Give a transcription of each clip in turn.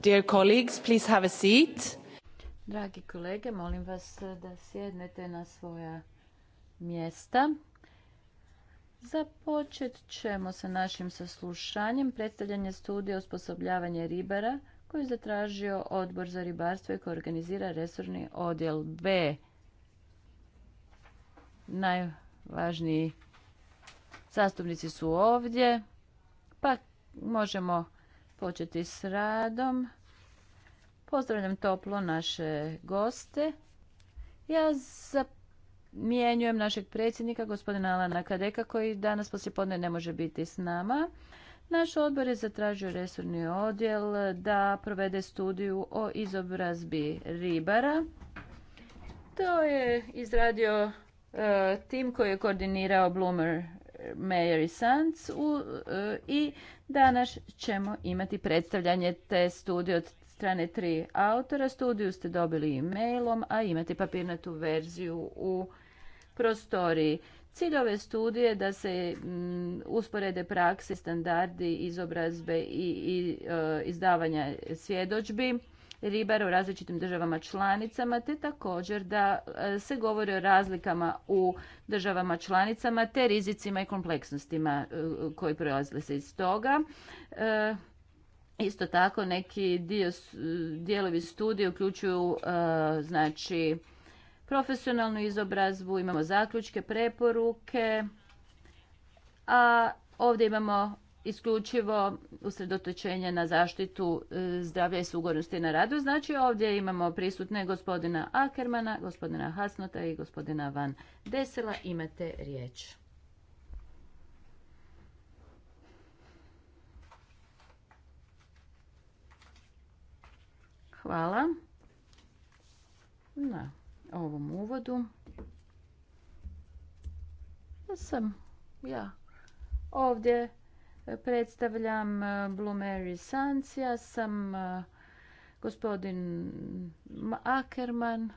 Dear colleagues, please have a seat. Dragi kolege, molim vas eh, da sjednete na svoja mjesta. Započet ćemo sa našim saslušanjem predstavljanje studija osposobljavanja ribara koju je zatražio odbor za ribarstvo i koji organizira resorni odjel B. Najvažniji zastupnici su ovdje, pa možemo početi s radom. Pozdravljam toplo naše goste. Ja zamijenjujem našeg predsjednika, gospodina Alana Kadeka, koji danas podne ne može biti s nama. Naš odbor je zatražio resurni odjel da provede studiju o izobrazbi ribara. To je izradio e, tim koji je koordinirao Bloomer Mary Sands e, i danas ćemo imati predstavljanje te studije od strane tri autora. Studiju ste dobili e mailom, a imate papirnatu verziju u prostoriji. Cilj ove studije da se mm, usporede prakse, standardi, izobrazbe i, e, izdavanja svjedočbi ribara u različitim državama članicama, te također da e, se govori o razlikama u državama članicama, te rizicima i kompleksnostima e, koji proizlaze se iz toga. E, isto tako neki dio, dijelovi studije uključuju znači profesionalnu izobrazbu, imamo zaključke, preporuke, a ovdje imamo isključivo usredotočenje na zaštitu e, zdravlja i sugornosti na radu. Znači ovdje imamo prisutne gospodina Akermana, gospodina Hasnota i gospodina Van Desela. Imate riječ. Hvala na ovom uvodu. Ja sam ja ovdje Predstavljam eh, Mary Sands, ja sam eh, gospodin Ackerman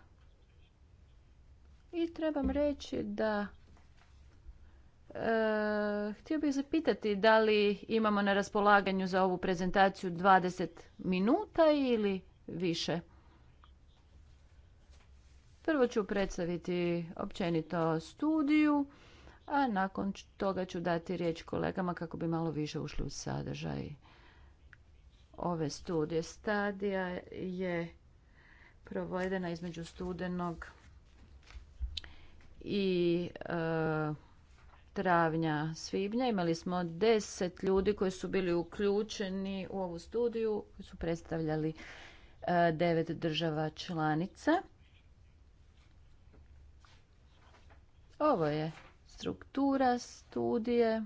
i trebam reći da eh, htio bih zapitati da li imamo na raspolaganju za ovu prezentaciju 20 minuta ili više. Prvo ću predstaviti općenito studiju a nakon toga ću dati riječ kolegama kako bi malo više ušli u sadržaj ove studije. Stadija je provedena između studenog i e, travnja svibnja. Imali smo deset ljudi koji su bili uključeni u ovu studiju, koji su predstavljali e, devet država članica. Ovo je struktura studije.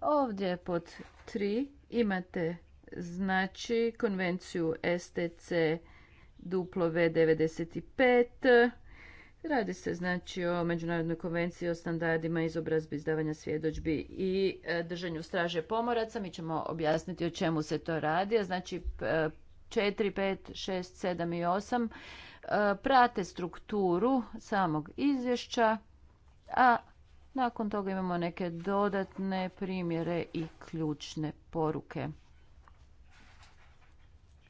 Ovdje pod 3 imate znači konvenciju STC W95. Radi se znači o Međunarodnoj konvenciji o standardima izobrazbi izdavanja svjedočbi i e, držanju straže pomoraca. Mi ćemo objasniti o čemu se to radi. Znači 4, 5, 6, 7 i 8 e, prate strukturu samog izvješća a nakon toga imamo neke dodatne primjere i ključne poruke.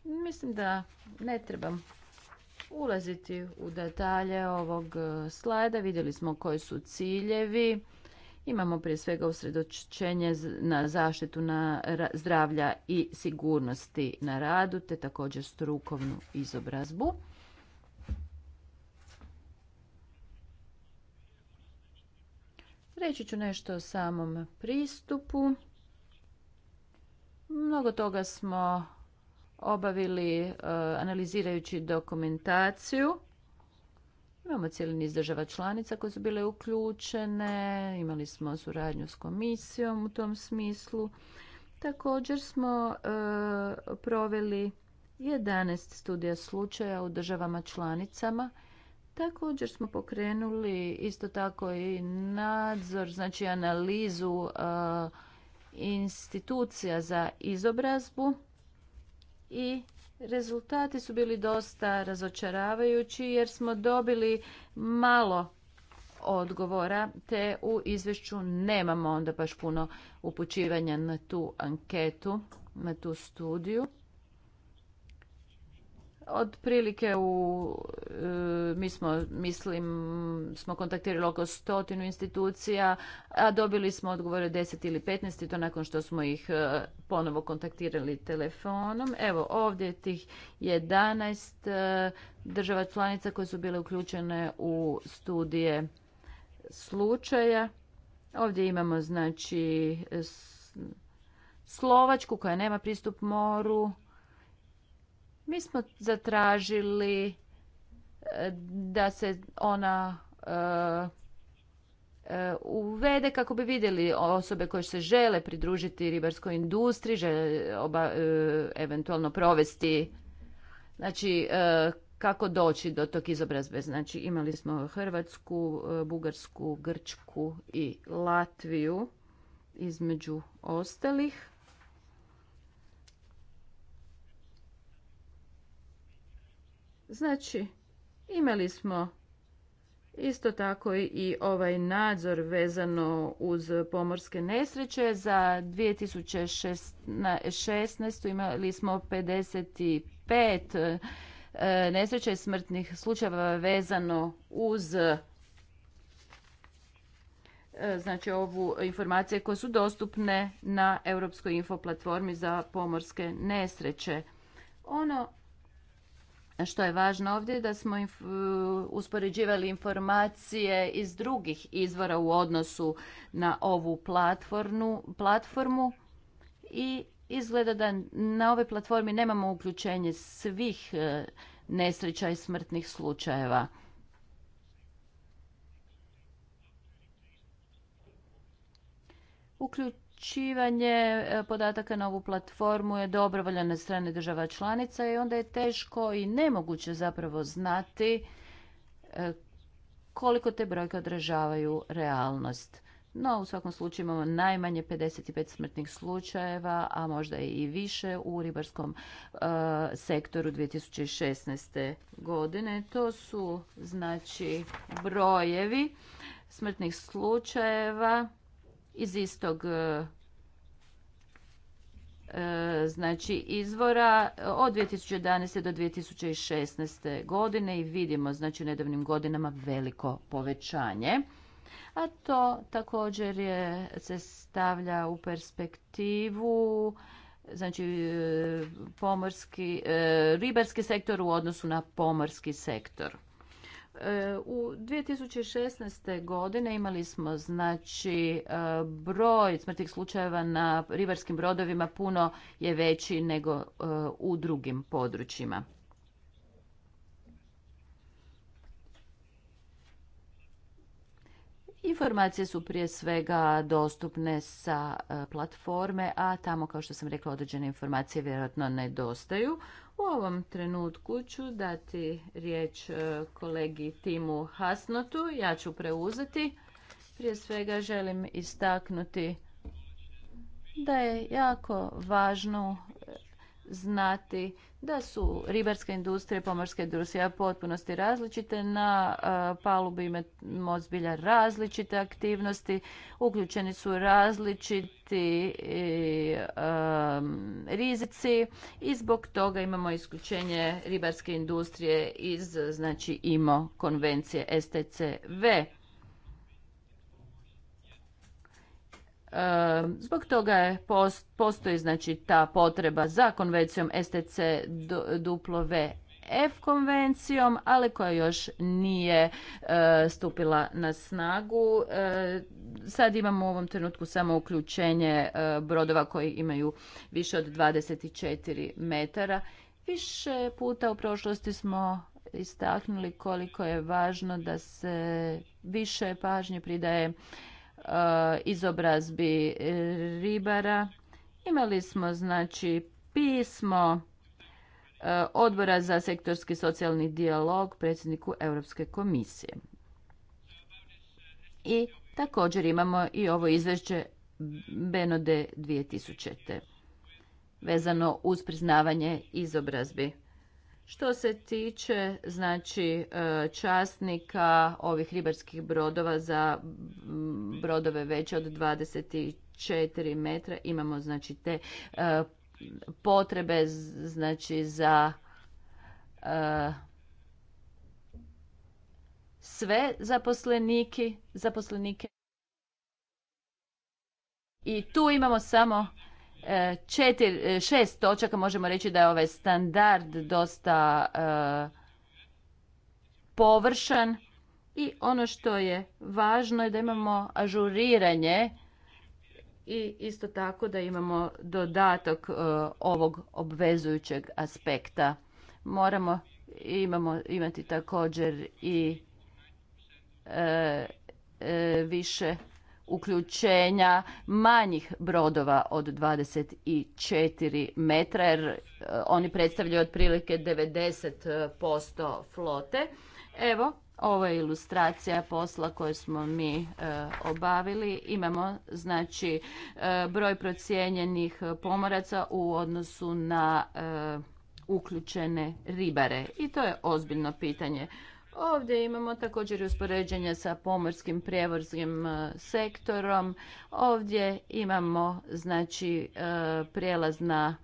Mislim da ne trebam ulaziti u detalje ovog e, slajda. Vidjeli smo koji su ciljevi. Imamo prije svega usredočenje na zaštitu na zdravlja i sigurnosti na radu, te također strukovnu izobrazbu. Reći ću nešto o samom pristupu. Mnogo toga smo obavili e, analizirajući dokumentaciju. Imamo cijeli niz država članica koje su bile uključene, imali smo suradnju s komisijom u tom smislu. Također smo e, proveli 11 studija slučaja u državama članicama Također smo pokrenuli isto tako i nadzor, znači analizu e, institucija za izobrazbu i rezultati su bili dosta razočaravajući jer smo dobili malo odgovora te u izvješću nemamo onda baš puno upućivanja na tu anketu, na tu studiju. Otprilike u, e, mi smo, mislim, smo kontaktirali oko stotinu institucija, a dobili smo odgovore 10 ili 15 i to nakon što smo ih e, ponovo kontaktirali telefonom. Evo ovdje tih 11 e, država članica koje su bile uključene u studije slučaja. Ovdje imamo znači Slovačku koja nema pristup moru, mi smo zatražili e, da se ona e, e, uvede kako bi vidjeli osobe koje se žele pridružiti ribarskoj industriji, žele oba, eventualno provesti znači kako doći do tog izobrazbe. Znači imali smo Hrvatsku, Bugarsku, Grčku i Latviju između ostalih. Znači, imali smo isto tako i ovaj nadzor vezano uz pomorske nesreće. Za 2016. imali smo 55 e, nesreća smrtnih slučajeva vezano uz e, znači ovu informacije koje su dostupne na Europskoj infoplatformi za pomorske nesreće. Ono što je važno ovdje je da smo e, uspoređivali informacije iz drugih izvora u odnosu na ovu platformu, platformu i izgleda da na ovoj platformi nemamo uključenje svih e, nesreća i smrtnih slučajeva. Uključ upućivanje e, podataka na ovu platformu je dobrovoljan na strane država članica i onda je teško i nemoguće zapravo znati e, koliko te brojke odražavaju realnost. No, u svakom slučaju imamo najmanje 55 smrtnih slučajeva, a možda i više u ribarskom e, sektoru 2016. godine. To su znači brojevi smrtnih slučajeva iz istog e, e, znači izvora od 2011. do 2016. godine i vidimo znači u nedavnim godinama veliko povećanje. A to također je, se stavlja u perspektivu znači e, pomorski, ribarski sektor u odnosu na pomorski sektor. U 2016. godine imali smo znači e, broj smrtnih slučajeva na rivarskim brodovima puno je veći nego e, u drugim područjima. Informacije su prije svega dostupne sa e, platforme, a tamo, kao što sam rekla, određene informacije vjerojatno nedostaju. U ovom trenutku ću dati riječ e, kolegi Timu Hasnotu. Ja ću preuzeti. Prije svega želim istaknuti da je jako važno znati da su ribarska industrija i pomorska industrija potpunosti različite. Na e, palubi imamo zbilja različite aktivnosti, uključeni su različiti e, rizici i zbog toga imamo isključenje ribarske industrije iz znači IMO konvencije STCV. Ehm, zbog toga je postoji znači ta potreba za konvencijom STC duplove F konvencijom, ali koja još nije ehm, stupila na snagu. Ehm, sad imamo u ovom trenutku samo uključenje brodova koji imaju više od 24 metara. Više puta u prošlosti smo istaknuli koliko je važno da se više pažnje pridaje Eh, izobrazbi eh, ribara. Imali smo znači pismo eh, odbora za sektorski socijalni dijalog predsjedniku Europske komisije. I također imamo i ovo izvješće Benode 2000. vezano uz priznavanje izobrazbi što se tiče znači e, časnika ovih ribarskih brodova za brodove veće od 24 metra imamo znači te e, potrebe znači za e, sve zaposleniki, zaposlenike. I tu imamo samo četir, e, šest točaka možemo reći da je ovaj standard dosta e, površan i ono što je važno je da imamo ažuriranje i isto tako da imamo dodatak e, ovog obvezujućeg aspekta. Moramo imamo, imati također i e, više uključenja manjih brodova od 24 metra jer e, oni predstavljaju otprilike 90% flote. Evo, ovo je ilustracija posla koju smo mi e, obavili. Imamo znači e, broj procijenjenih pomoraca u odnosu na uključene ribare i to je ozbiljno pitanje. Ovdje imamo također i uspoređenje sa pomorskim prijevoznim e, sektorom. Ovdje imamo znači e, prijelaz na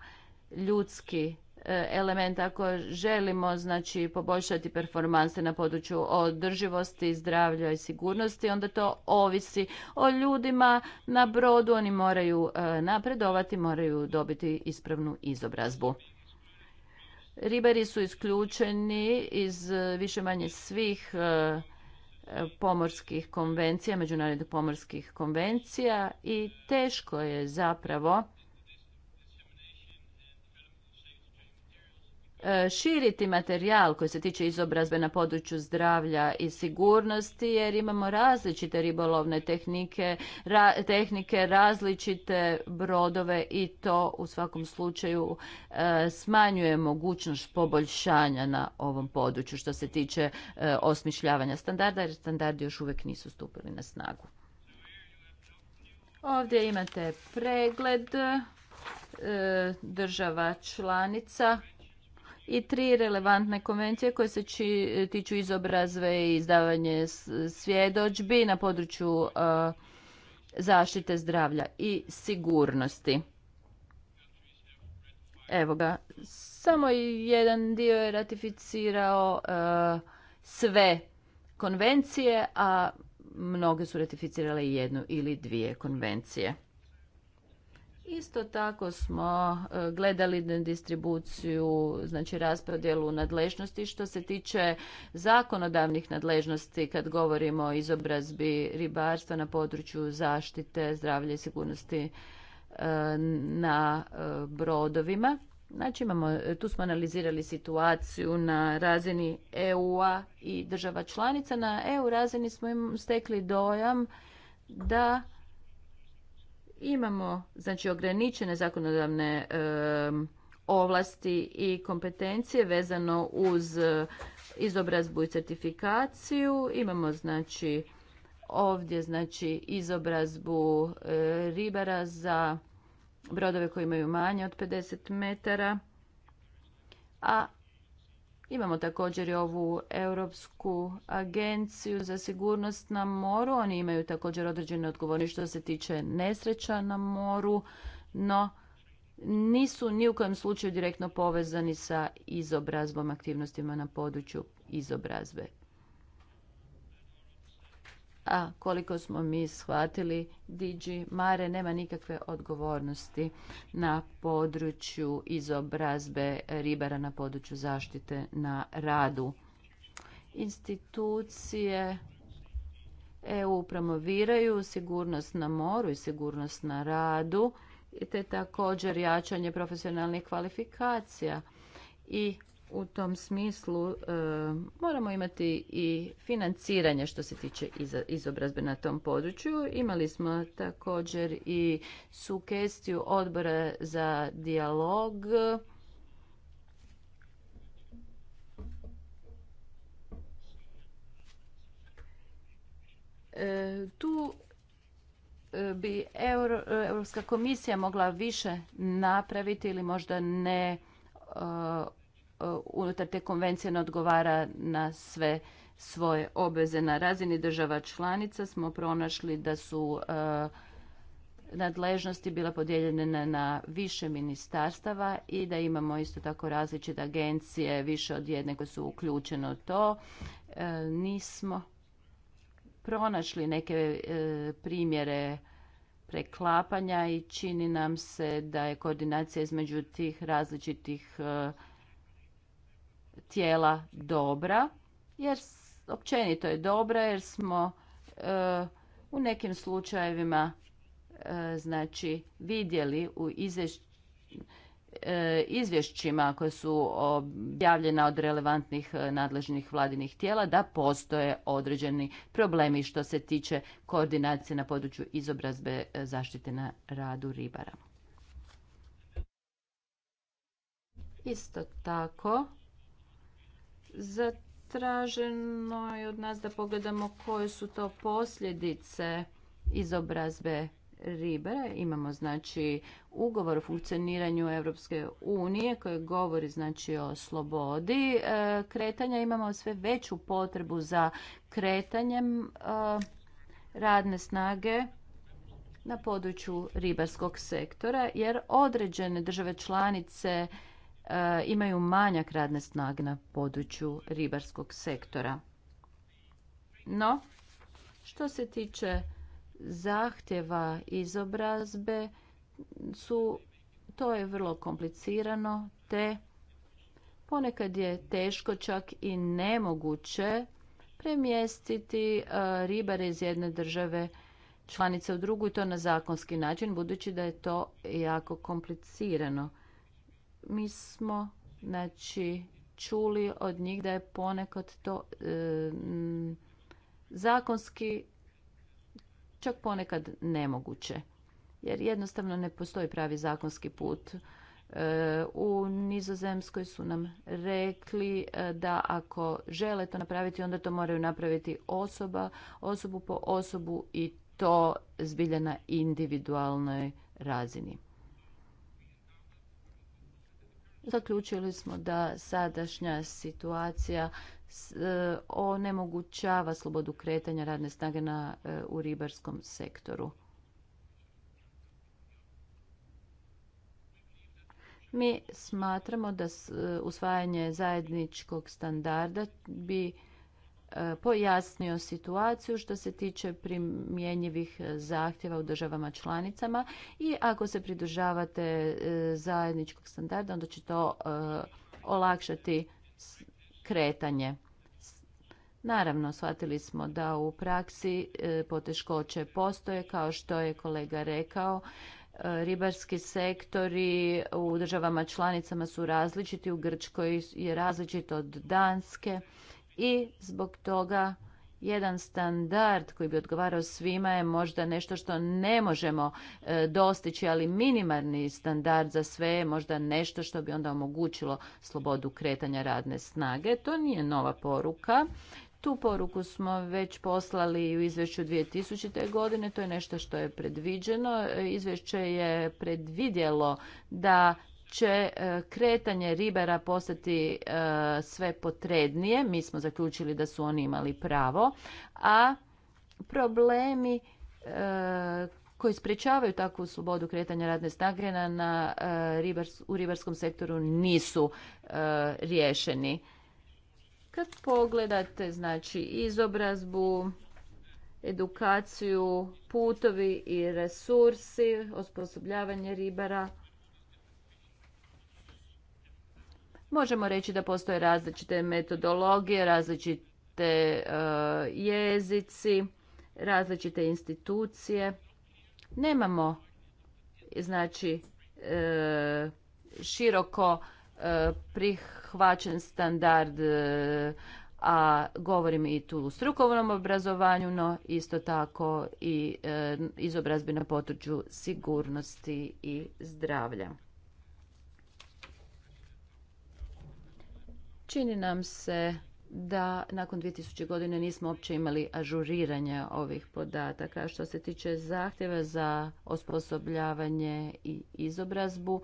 ljudski e, element ako želimo znači poboljšati performanse na području održivosti, zdravlja i sigurnosti, onda to ovisi o ljudima na brodu, oni moraju napredovati, moraju dobiti ispravnu izobrazbu. Ribari su isključeni iz više manje svih e, pomorskih konvencija, međunarodnih pomorskih konvencija i teško je zapravo E, širiti materijal koji se tiče izobrazbe na području zdravlja i sigurnosti jer imamo različite ribolovne tehnike, tehnike različite brodove i to u svakom slučaju e, smanjuje mogućnost poboljšanja na ovom području što se tiče e, osmišljavanja standarda jer standardi još uvijek nisu stupili na snagu. Ovdje imate pregled država članica i tri relevantne konvencije koje se tiču izobrazve i izdavanje svjedočbi na području uh, zaštite zdravlja i sigurnosti. Evo ga, samo jedan dio je ratificirao uh, sve konvencije, a mnoge su ratificirale jednu ili dvije konvencije. Isto tako smo e, gledali na distribuciju, znači raspodjelu nadležnosti. Što se tiče zakonodavnih nadležnosti, kad govorimo o izobrazbi ribarstva na području zaštite, zdravlja i sigurnosti e, na e, brodovima, Znači imamo, tu smo analizirali situaciju na razini EU-a i država članica. Na EU razini smo im stekli dojam da Imamo znači ograničene zakonodavne ovlasti i kompetencije vezano uz e, izobrazbu i certifikaciju. Imamo znači ovdje znači izobrazbu e, ribara za brodove koji imaju manje od 50 metara. A Imamo također i ovu Europsku agenciju za sigurnost na moru. Oni imaju također određene odgovornosti što se tiče nesreća na moru, no nisu ni u kojem slučaju direktno povezani sa izobrazbom, aktivnostima na području izobrazbe a koliko smo mi shvatili, Digi Mare nema nikakve odgovornosti na području izobrazbe ribara na području zaštite na radu. Institucije EU promoviraju sigurnost na moru i sigurnost na radu, te također jačanje profesionalnih kvalifikacija i u tom smislu e, moramo imati i financiranje što se tiče izobrazbe na tom području. Imali smo također i sugestiju odbora za dijalog. E, tu e, bi Europska komisija mogla više napraviti ili možda ne unutar te konvencije ne odgovara na sve svoje obveze. Na razini država članica smo pronašli da su e, nadležnosti bila podijeljene na više ministarstava i da imamo isto tako različite agencije, više od jedne koje su uključene u to. E, nismo pronašli neke e, primjere preklapanja i čini nam se da je koordinacija između tih različitih tijela dobra, jer općenito je dobra jer smo e, u nekim slučajevima e, znači vidjeli u e, izvješćima koje su objavljena od relevantnih nadležnih vladinih tijela da postoje određeni problemi što se tiče koordinacije na području izobrazbe zaštite na radu ribara. Isto tako, Zatraženo je od nas da pogledamo koje su to posljedice izobrazbe ribara. Imamo znači ugovor o funkcioniranju Europske unije koji govori znači o slobodi e, kretanja. Imamo sve veću potrebu za kretanjem e, radne snage na području ribarskog sektora jer određene države članice E, imaju manjak radne snage na području ribarskog sektora. No, što se tiče zahtjeva izobrazbe, su, to je vrlo komplicirano, te ponekad je teško čak i nemoguće premjestiti e, ribare iz jedne države članice u drugu i to na zakonski način, budući da je to jako komplicirano mi smo znači čuli od njih da je ponekad to e, zakonski čak ponekad nemoguće jer jednostavno ne postoji pravi zakonski put. E, u Nizozemskoj su nam rekli e, da ako žele to napraviti onda to moraju napraviti osoba, osobu po osobu i to zbilja na individualnoj razini zaključili smo da sadašnja situacija e, onemogućava slobodu kretanja radne snage na, e, u ribarskom sektoru. Mi smatramo da e, usvajanje zajedničkog standarda bi pojasnio situaciju što se tiče primjenjivih zahtjeva u državama članicama i ako se pridržavate e, zajedničkog standarda onda će to e, olakšati kretanje. Naravno, shvatili smo da u praksi e, poteškoće postoje, kao što je kolega rekao, ribarski sektori u državama članicama su različiti, u Grčkoj je različit od Danske i zbog toga jedan standard koji bi odgovarao svima je možda nešto što ne možemo e, dostići, ali minimalni standard za sve je možda nešto što bi onda omogućilo slobodu kretanja radne snage. To nije nova poruka. Tu poruku smo već poslali u izvješću 2000. godine, to je nešto što je predviđeno. E, izvješće je predvidjelo da će e, kretanje ribara postati e, sve potrednije. Mi smo zaključili da su oni imali pravo, a problemi e, koji sprječavaju takvu slobodu kretanja radne snage na u ribarskom sektoru nisu riješeni. Kad pogledate znači izobrazbu, edukaciju, putovi i resursi, osposobljavanje ribara, Možemo reći da postoje različite metodologije, različite e, jezici, različite institucije. Nemamo znači e, široko e, prihvaćen standard a govorim i tu u strukovnom obrazovanju, no isto tako i izobrazbi na području sigurnosti i zdravlja. Čini nam se da nakon 2000 godine nismo uopće imali ažuriranje ovih podataka. Što se tiče zahtjeva za osposobljavanje i izobrazbu,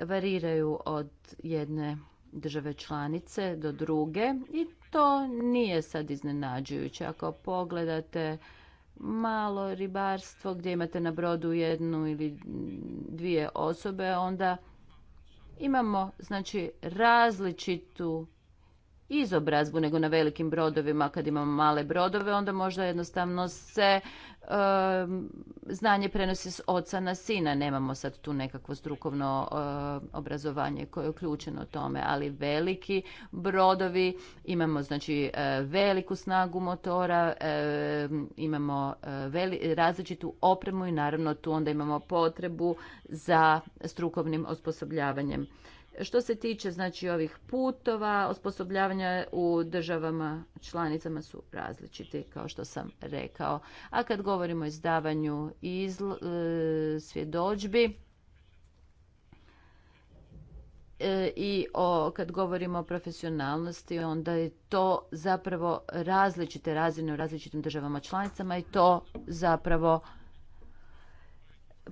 variraju od jedne države članice do druge i to nije sad iznenađujuće. Ako pogledate malo ribarstvo gdje imate na brodu jednu ili dvije osobe, onda imamo znači različitu izobrazbu nego na velikim brodovima kad imamo male brodove onda možda jednostavno se znanje prenosi s oca na sina nemamo sad tu nekakvo strukovno obrazovanje koje je uključeno tome ali veliki brodovi imamo znači e, veliku snagu motora imamo e, različitu opremu i naravno tu onda imamo potrebu za strukovnim osposobljavanjem što se tiče znači ovih putova, osposobljavanja u državama članicama su različiti kao što sam rekao. A kad govorimo o izdavanju izl e, e, i o kad govorimo o profesionalnosti, onda je to zapravo različite razine u različitim državama članicama i to zapravo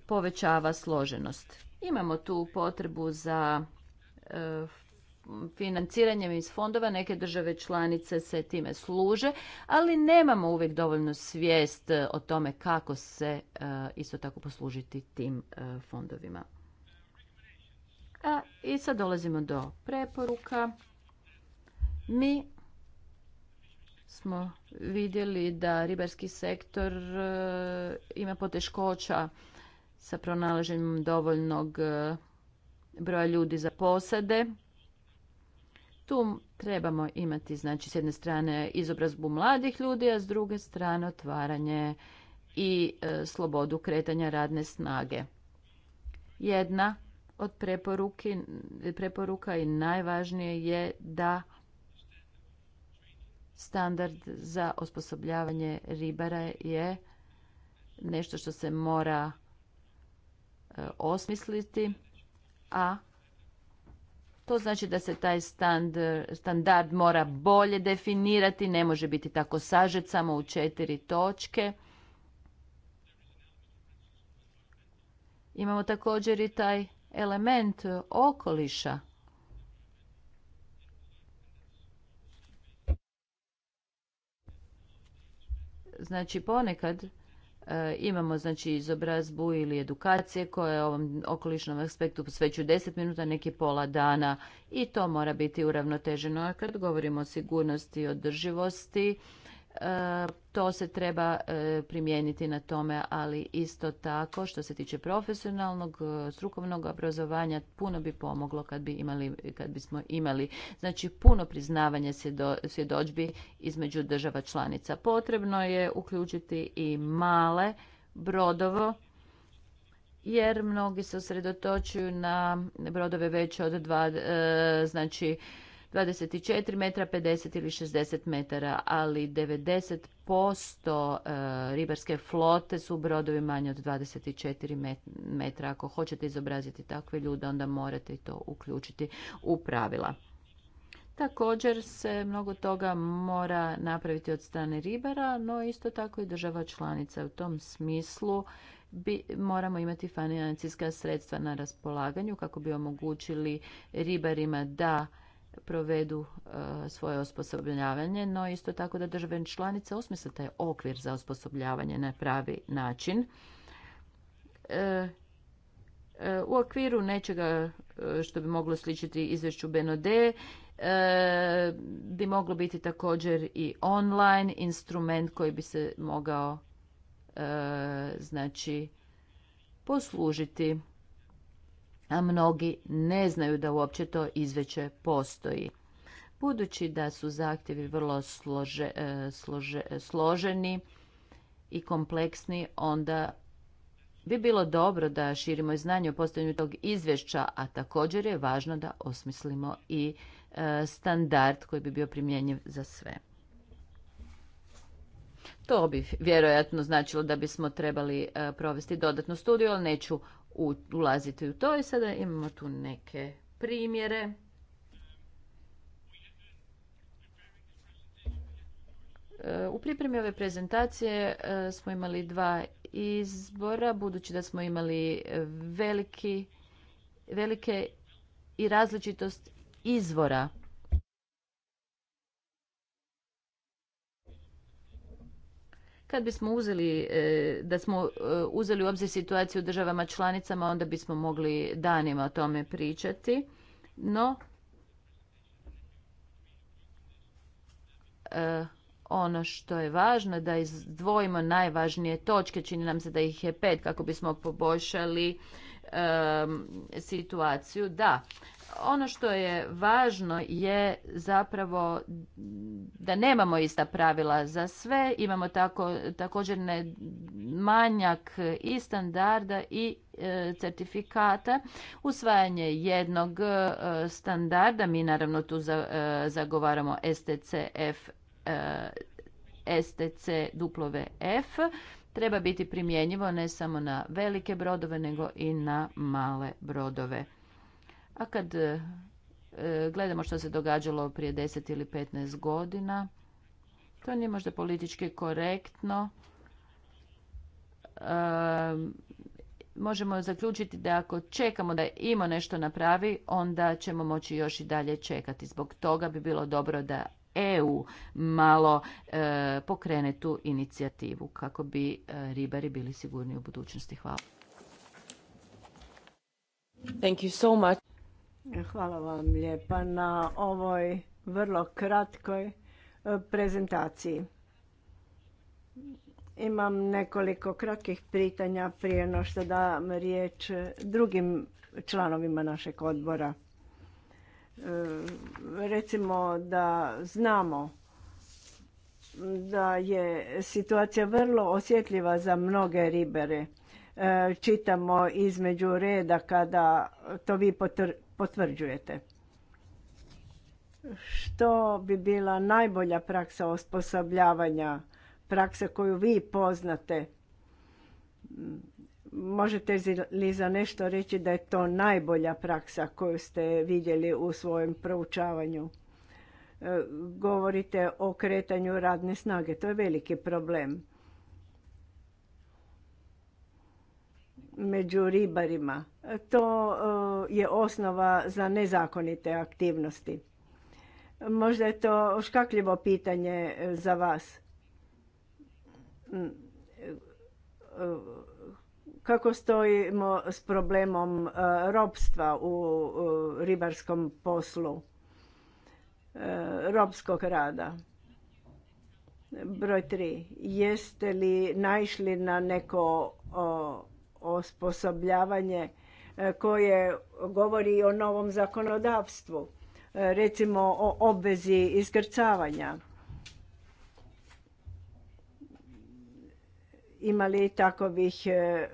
povećava složenost. Imamo tu potrebu za E, financiranjem iz fondova neke države članice se time služe, ali nemamo uvijek dovoljno svijest o tome kako se e, isto tako poslužiti tim e, fondovima. A, I sad dolazimo do preporuka. Mi smo vidjeli da ribarski sektor ima poteškoća sa pronalaženjem dovoljnog broja ljudi za posade. Tu trebamo imati, znači, s jedne strane izobrazbu mladih ljudi, a s druge strane otvaranje i e, slobodu kretanja radne snage. Jedna od preporuka i najvažnije je da standard za osposobljavanje ribara je nešto što se mora e, osmisliti a to znači da se taj standard mora bolje definirati, ne može biti tako sažet samo u četiri točke. Imamo također i taj element okoliša. Znači ponekad E, imamo znači izobrazbu ili edukacije koje ovom okolišnom aspektu posveću 10 minuta, neki pola dana i to mora biti uravnoteženo. A kad govorimo o sigurnosti i održivosti, E, to se treba e, primijeniti na tome, ali isto tako što se tiče profesionalnog, e, strukovnog obrazovanja, puno bi pomoglo kad, bi imali, kad bismo imali znači, puno priznavanja svjedočbi između država članica. Potrebno je uključiti i male brodovo, jer mnogi se usredotočuju na brodove veće od dva, znači 24 metra, 50 ili 60 metara, ali 90% e, ribarske flote su brodovi manje od 24 metra. Ako hoćete izobraziti takve ljude, onda morate i to uključiti u pravila. Također se mnogo toga mora napraviti od strane ribara, no isto tako i država članica. U tom smislu bi, moramo imati financijska sredstva na raspolaganju kako bi omogućili ribarima da provedu e, svoje osposobljavanje, no isto tako da države članice osmisle taj okvir za osposobljavanje na pravi način. E, e, u okviru nečega što bi moglo sličiti izvješću BNOD bi moglo biti također i online instrument koji bi se mogao znači poslužiti a mnogi ne znaju da uopće to izveće postoji. Budući da su zahtjevi vrlo slože, e, slože, e, složeni i kompleksni, onda bi bilo dobro da širimo i znanje o postojanju tog izvješća, a također je važno da osmislimo i e, standard koji bi bio primjenjiv za sve. To bi vjerojatno značilo da bismo trebali provesti dodatnu studiju, ali neću ulaziti u to i sada imamo tu neke primjere. E, u pripremi ove prezentacije e, smo imali dva izbora, budući da smo imali veliki, velike i različitost izvora Kad bismo uzeli, e, da smo e, uzeli u obzir situaciju u državama članicama, onda bismo mogli danima o tome pričati. No, e, ono što je važno da izdvojimo najvažnije točke, čini nam se da ih je pet kako bismo poboljšali situaciju. Da, ono što je važno je zapravo da nemamo ista pravila za sve, imamo tako, također manjak i standarda i e, certifikata. Usvajanje jednog e, standarda, mi naravno tu e, zagovaramo STCF, STC duplove F, treba biti primjenjivo ne samo na velike brodove nego i na male brodove. A kad e, gledamo što se događalo prije 10 ili 15 godina, to nije možda politički korektno. E, možemo zaključiti da ako čekamo da ima nešto napravi, onda ćemo moći još i dalje čekati. Zbog toga bi bilo dobro da EU malo e, pokrene tu inicijativu kako bi ribari bili sigurni u budućnosti. Hvala. Thank you so much. Hvala vam lijepa na ovoj vrlo kratkoj e, prezentaciji. Imam nekoliko kratkih pitanja prije no što dam riječ e, drugim članovima našeg odbora. E, recimo da znamo da je situacija vrlo osjetljiva za mnoge ribere. Čitamo između reda kada to vi potvrđujete. Što bi bila najbolja praksa osposobljavanja, praksa koju vi poznate? Možete li za nešto reći da je to najbolja praksa koju ste vidjeli u svojem proučavanju? E, govorite o kretanju radne snage, to je veliki problem među ribarima. To e, je osnova za nezakonite aktivnosti. Možda je to škakljivo pitanje e, za vas. Mm, e, kako stojimo s problemom robstva u ribarskom poslu, robskog rada? Broj tri. Jeste li naišli na neko osposobljavanje e, koje govori o novom zakonodavstvu, e, recimo o obvezi iskrcavanja. Ima li takovih e,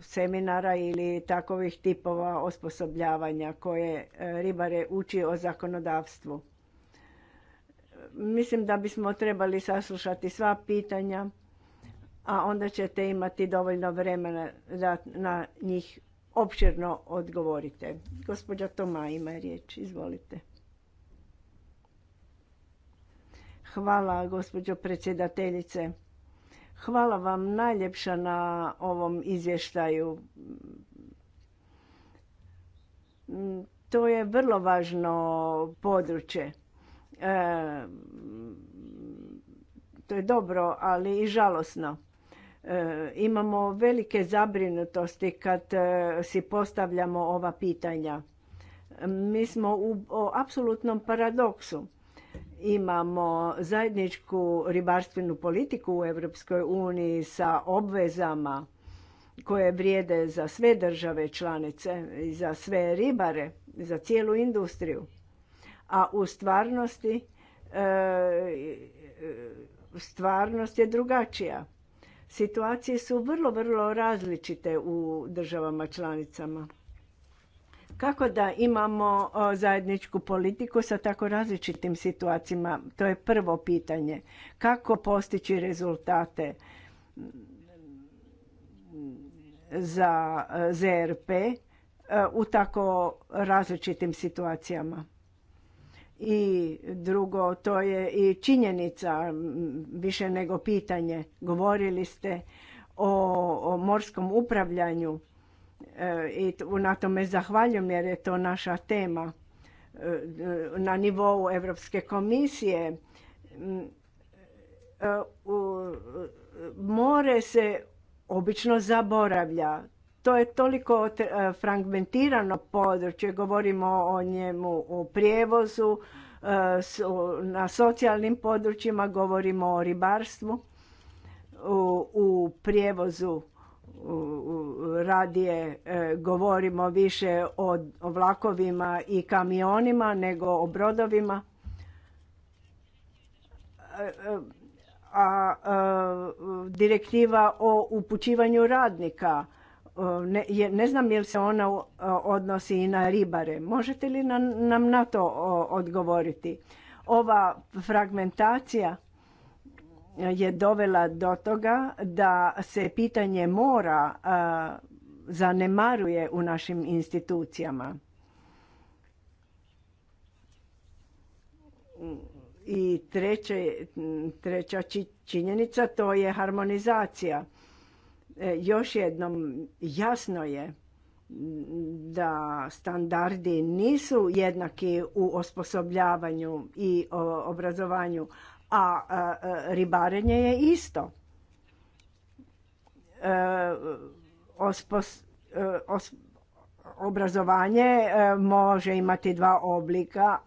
seminara ili takovih tipova osposobljavanja koje ribare uči o zakonodavstvu? Mislim da bismo trebali saslušati sva pitanja a onda ćete imati dovoljno vremena da na njih opširno odgovorite. Gospođa Toma ima riječ, izvolite. Hvala gospođo predsjedateljice. Hvala vam najljepša na ovom izvještaju. To je vrlo važno područje. E, to je dobro, ali i žalosno. E, imamo velike zabrinutosti kad e, si postavljamo ova pitanja. Mi smo u apsolutnom paradoksu. Imamo zajedničku ribarstvenu politiku u Europskoj uniji sa obvezama koje vrijede za sve države članice i za sve ribare, za cijelu industriju. A u stvarnosti e, stvarnost je drugačija. Situacije su vrlo, vrlo različite u državama članicama. Kako da imamo zajedničku politiku sa tako različitim situacijama? To je prvo pitanje. Kako postići rezultate za e, ZRP e, u tako različitim situacijama? I drugo, to je i činjenica, više nego pitanje. Govorili ste o, o morskom upravljanju e, i na tome zahvaljujem jer je to naša tema e, na nivou Europske komisije. E, u, e, more se obično zaboravlja to je toliko e, fragmentirano područje, govorimo o njemu u prijevozu, e, na socijalnim područjima, govorimo o ribarstvu, u prijevozu radije e, govorimo više o vlakovima i kamionima nego o brodovima. A direktiva o upućivanju radnika E, ne, znam je li se ona e, odnosi i na ribare. Možete li nam, na to odgovoriti? Ova fragmentacija e, je dovela do toga da se pitanje mora zanemaruje u našim institucijama. I treća činjenica to je harmonizacija E, još jednom jasno je da standardi nisu jednaki u osposobljavanju i obrazovanju, a ribarenje je isto. E, e, obrazovanje može imati dva oblika,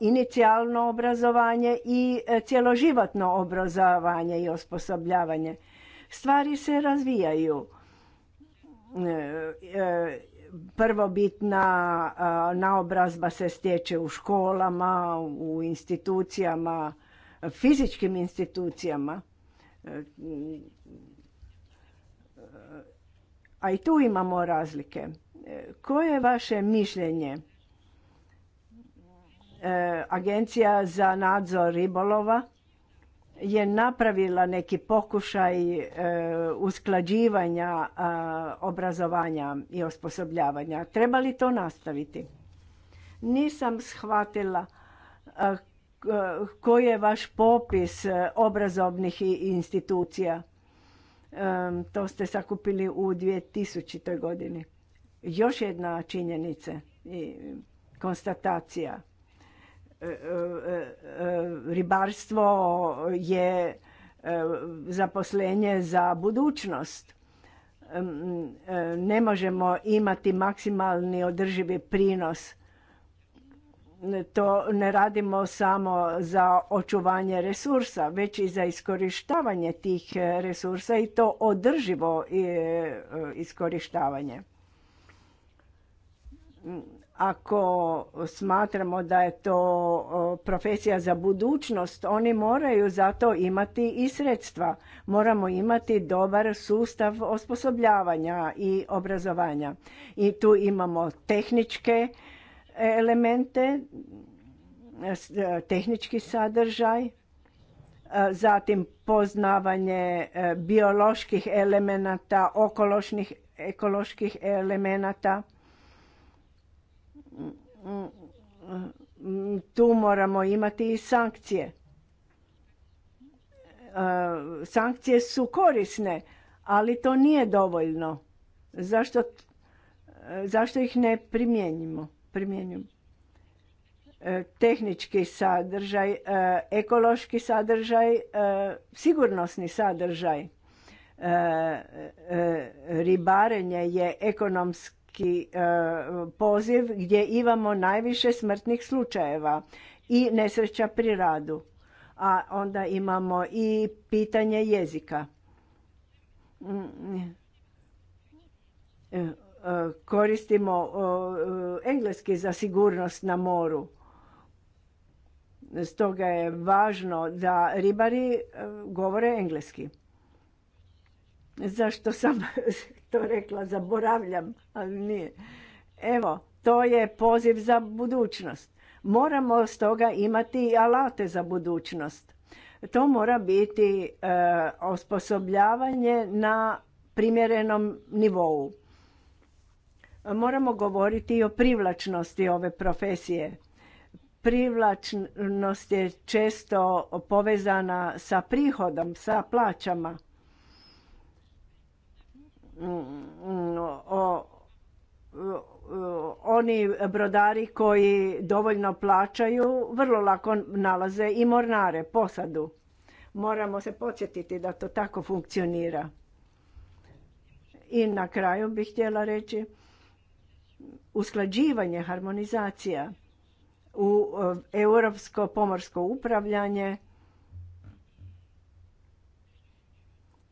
inicijalno obrazovanje i cjeloživotno obrazovanje i osposobljavanje Stvari se razvijaju. E, e, prvobitna naobrazba se stječe u školama, u institucijama, fizičkim institucijama. E, a i tu imamo razlike. Koje je vaše mišljenje? Agencija za nadzor ribolova je napravila neki pokušaj e, usklađivanja e, obrazovanja i osposobljavanja. Treba li to nastaviti? Nisam shvatila e, koji je vaš popis obrazovnih institucija. To ste sakupili u 2000. godini. Još jedna činjenica i konstatacija – E, e, e, ribarstvo je zaposlenje za budućnost. Ne možemo imati maksimalni održivi prinos. To ne radimo samo za očuvanje resursa, već i za iskorištavanje tih resursa i to održivo iskorištavanje ako smatramo da je to profesija za budućnost, oni moraju za to imati i sredstva. Moramo imati dobar sustav osposobljavanja i obrazovanja. I tu imamo tehničke elemente, tehnički sadržaj, e, zatim poznavanje e, bioloških elemenata, okološnih, ekoloških elemenata, tu moramo imati i sankcije. E, sankcije su korisne, ali to nije dovoljno. Zašto, e, zašto ih ne primjenjimo? primjenjujemo? E, tehnički sadržaj, ekološki sadržaj, sigurnosni sadržaj. Ribarenje je ekonomski E, poziv gdje imamo najviše smrtnih slučajeva i nesreća pri radu. A onda imamo i pitanje jezika. E, e, koristimo engleski za sigurnost na moru. Stoga je važno da ribari govore engleski. Zašto sam to rekla, zaboravljam, ali nije. Evo, to je poziv za budućnost. Moramo stoga imati i alate za budućnost. To mora biti e, osposobljavanje na primjerenom nivou. Moramo govoriti i o privlačnosti ove profesije. Privlačnost je često povezana sa prihodom, sa plaćama. Mm, o, oni brodari koji dovoljno plaćaju vrlo lako nalaze i mornare, posadu. Moramo se podsjetiti da to tako funkcionira. I na kraju bih htjela reći usklađivanje, harmonizacija u e, europsko pomorsko upravljanje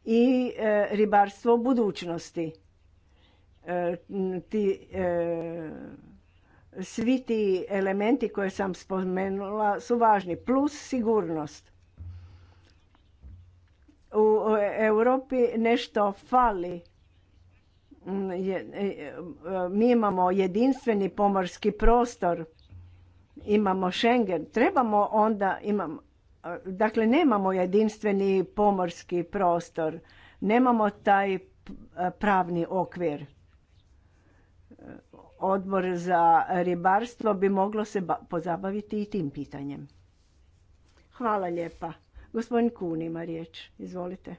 i e, ribarstvo budućnosti. E, ti, e, svi ti elementi koje sam spomenula su važni, plus sigurnost. U Europi nešto fali. Mm, mi imamo jedinstveni pomorski prostor, imamo Schengen, trebamo onda imamo Dakle, nemamo jedinstveni pomorski prostor, nemamo taj e, pravni okvir. Odbor za ribarstvo bi moglo se pozabaviti i tim pitanjem. Hvala lijepa. Gospodin Kun ima riječ. Izvolite.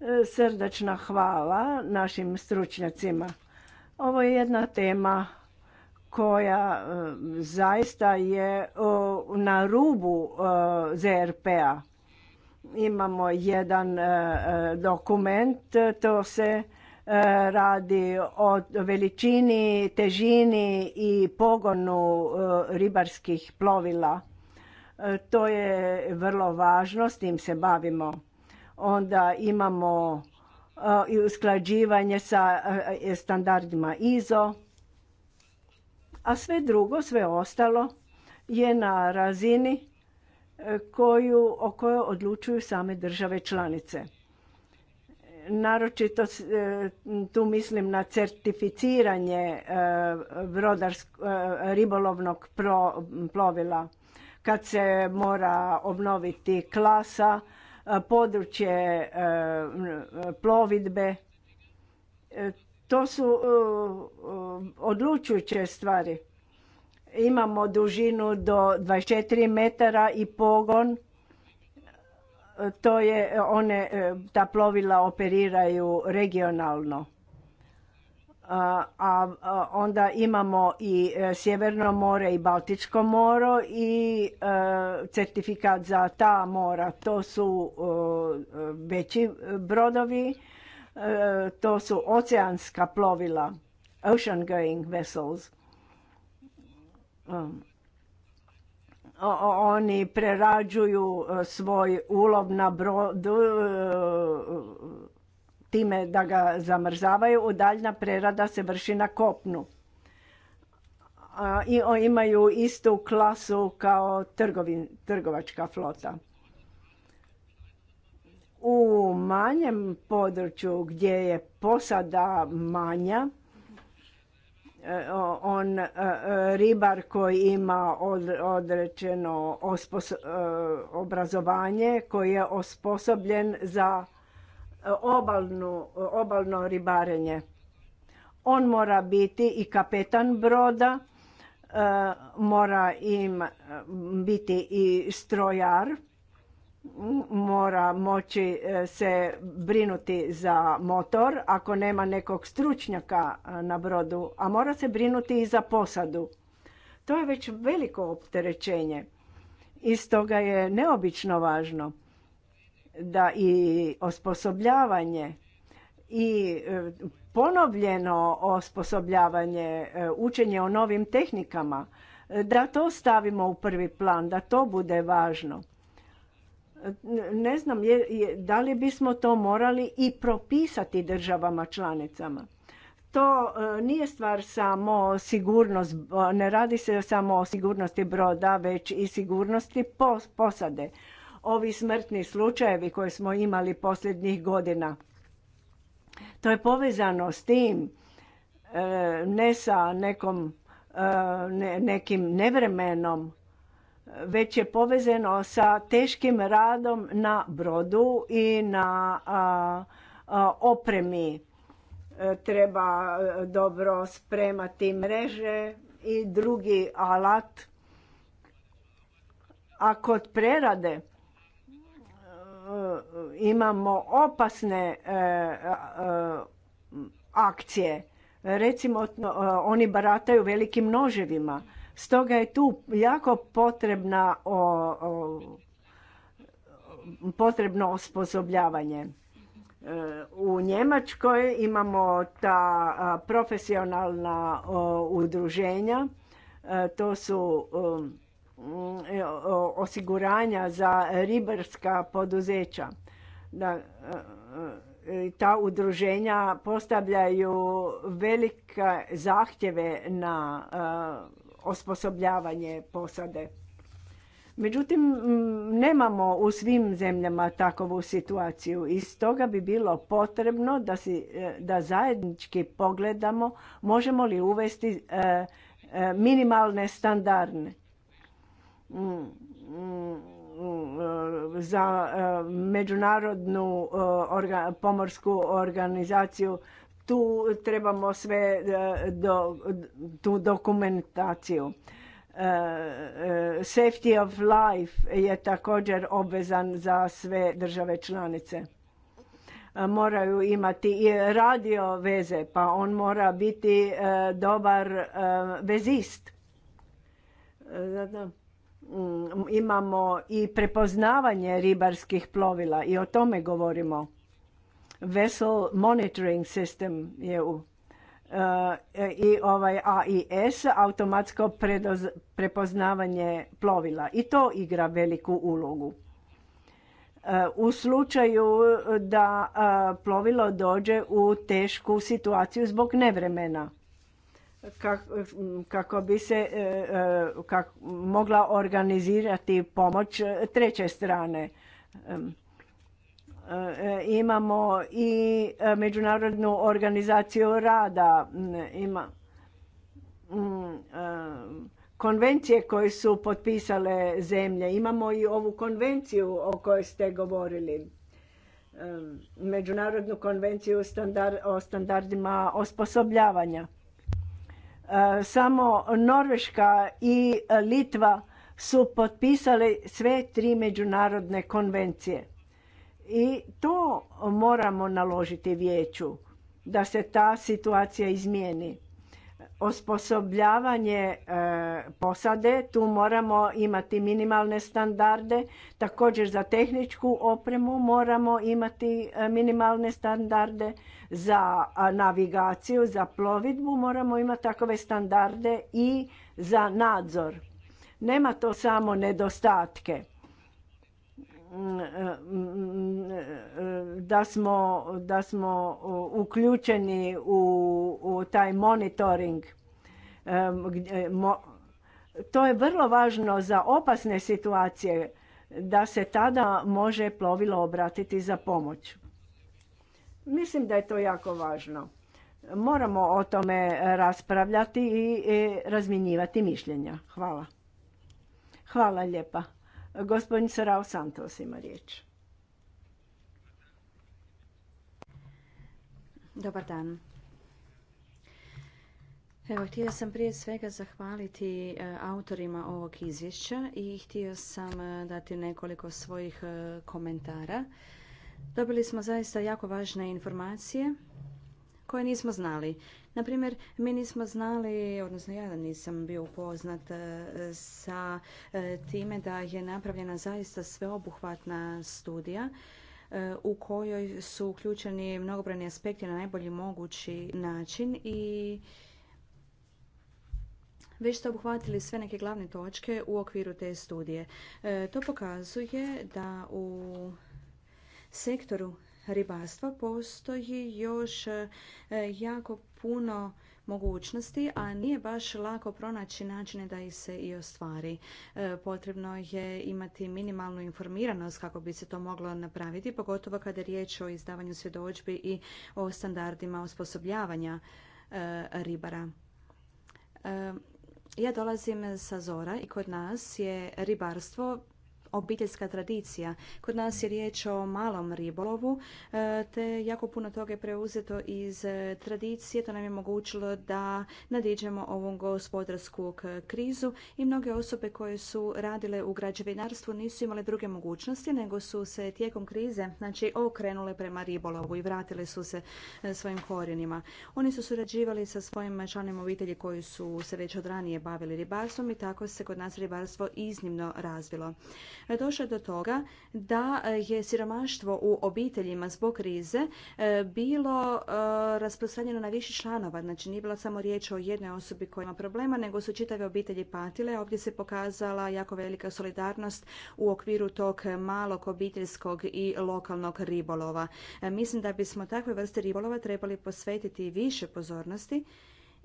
E, srdačna hvala našim stručnjacima. Ovo je jedna tema koja e, zaista je e, na rubu e, ZRP-a. Imamo jedan dokument, to se radi o veličini, težini i pogonu ribarskih plovila. To je vrlo važno, s tim se bavimo. Onda imamo i usklađivanje sa standardima ISO a sve drugo, sve ostalo je na razini e, koju, o kojoj odlučuju same države članice. Naročito e, tu mislim na certificiranje e, ribolovnog plovila kad se mora obnoviti klasa, područje plovidbe. To su uh, uh, odlučujuće stvari. Imamo dužinu do 24 metara i pogon. To je, one, e, ta plovila operiraju regionalno. A, a onda imamo i e, Sjeverno more i Baltičko moro i e, certifikat za ta mora. To su veći brodovi E, to su oceanska plovila, ocean going vessels. Um, oni prerađuju e, svoj ulov na brodu e, time da ga zamrzavaju, Udaljna prerada se vrši na kopnu. I imaju istu klasu kao trgovačka flota. U manjem području gdje je posada manja, e, on e, e, ribar koji ima određeno obrazovanje, koji je osposobljen za obalno ribarenje. On mora biti i kapetan broda, mora im biti i strojar mora moći e, se brinuti za motor ako nema nekog stručnjaka e, na brodu, a mora se brinuti i za posadu. To je već veliko opterećenje. I stoga je neobično važno da i osposobljavanje i e, ponovljeno osposobljavanje, učenje o novim tehnikama, da to stavimo u prvi plan, da to bude važno ne znam je, da li bismo to morali i propisati državama članicama. To e, nije stvar samo sigurnost, ne radi se samo o sigurnosti broda, već i sigurnosti posade. Ovi smrtni slučajevi koje smo imali posljednjih godina, to je povezano s tim, e, ne sa nekom, e, nekim nevremenom, već je povezano sa teškim radom na brodu i na opremi. E, treba e, dobro spremati mreže i drugi alat. A kod prerade e, imamo opasne akcije. Recimo, oni barataju velikim noževima Stoga je tu jako potrebna o, o, potrebno osposobljavanje. E, u Njemačkoj imamo ta profesionalna udruženja, e, to su osiguranja za ribarska poduzeća. Da, e, ta udruženja postavljaju velike zahtjeve na osposobljavanje posade. Međutim, mm, nemamo u svim zemljama takovu situaciju i stoga bi bilo potrebno da, e, da zajednički pogledamo možemo li uvesti e, e, minimalne standardne mm, mm, za međunarodnu pomorsku organizaciju tu trebamo sve e, do, tu dokumentaciju. E, e, safety of life je također obvezan za sve države članice. Moraju imati i radio veze, pa on mora biti dobar vezist. Mm, imamo i prepoznavanje ribarskih plovila i o tome govorimo Vessel Monitoring System je u e, i ovaj AIS, automatsko prepoznavanje plovila. I to igra veliku ulogu. E, u slučaju da e, plovilo dođe u tešku situaciju zbog nevremena, kako bi se kako, mogla organizirati pomoć treće strane. E, e, imamo i e, Međunarodnu organizaciju rada, ima konvencije koje su potpisale zemlje. Imamo i ovu konvenciju o kojoj ste govorili. Međunarodnu konvenciju o standardima osposobljavanja. Samo Norveška i Litva su potpisale sve tri međunarodne konvencije. I to moramo naložiti vijeću da se ta situacija izmijeni. Osposobljavanje e, posade, tu moramo imati minimalne standarde, također za tehničku opremu moramo imati e, minimalne standarde, za navigaciju, za plovidbu moramo imati takove standarde i za nadzor. Nema to samo nedostatke da smo, da smo uključeni u, u taj monitoring. To je vrlo važno za opasne situacije da se tada može plovilo obratiti za pomoć. Mislim da je to jako važno. Moramo o tome raspravljati i razminjivati mišljenja. Hvala. Hvala lijepa. Gospodin Sarao Santos ima riječ. Dobar dan. Evo, htio sam prije svega zahvaliti e, autorima ovog izvješća i htio sam e, dati nekoliko svojih e, komentara. Dobili smo zaista jako važne informacije koje nismo znali. Naprimjer, mi nismo znali, odnosno ja nisam bio upoznat e, sa e, time da je napravljena zaista sveobuhvatna studija e, u kojoj su uključeni mnogobrojni aspekti na najbolji mogući način i već ste obuhvatili sve neke glavne točke u okviru te studije. To pokazuje da u sektoru ribarstva postoji još e, jako puno mogućnosti, a nije baš lako pronaći načine da ih se i ostvari. E, potrebno je imati minimalnu informiranost kako bi se to moglo napraviti, pogotovo kada je riječ o izdavanju svjedočbi i o standardima osposobljavanja e, ribara. Ja dolazim sa Zora i kod nas je ribarstvo obiteljska tradicija. Kod nas je riječ o malom ribolovu, e, te jako puno toga je preuzeto iz e, tradicije. To nam je omogućilo da nadiđemo ovom gospodarsku krizu i mnoge osobe koje su radile u građevinarstvu nisu imale druge mogućnosti, nego su se tijekom krize znači, okrenule prema ribolovu i vratile su se e, svojim korijenima. Oni su surađivali sa svojim članima obitelji koji su se već od ranije bavili ribarstvom i tako se kod nas ribarstvo iznimno razvilo došlo do toga da je siromaštvo u obiteljima zbog krize e, bilo e, rasprostranjeno na više članova. Znači nije bila samo riječ o jednoj osobi koja ima problema, nego su čitave obitelji patile. Ovdje se pokazala jako velika solidarnost u okviru tog malog obiteljskog i lokalnog ribolova. E, mislim da bismo takve vrste ribolova trebali posvetiti više pozornosti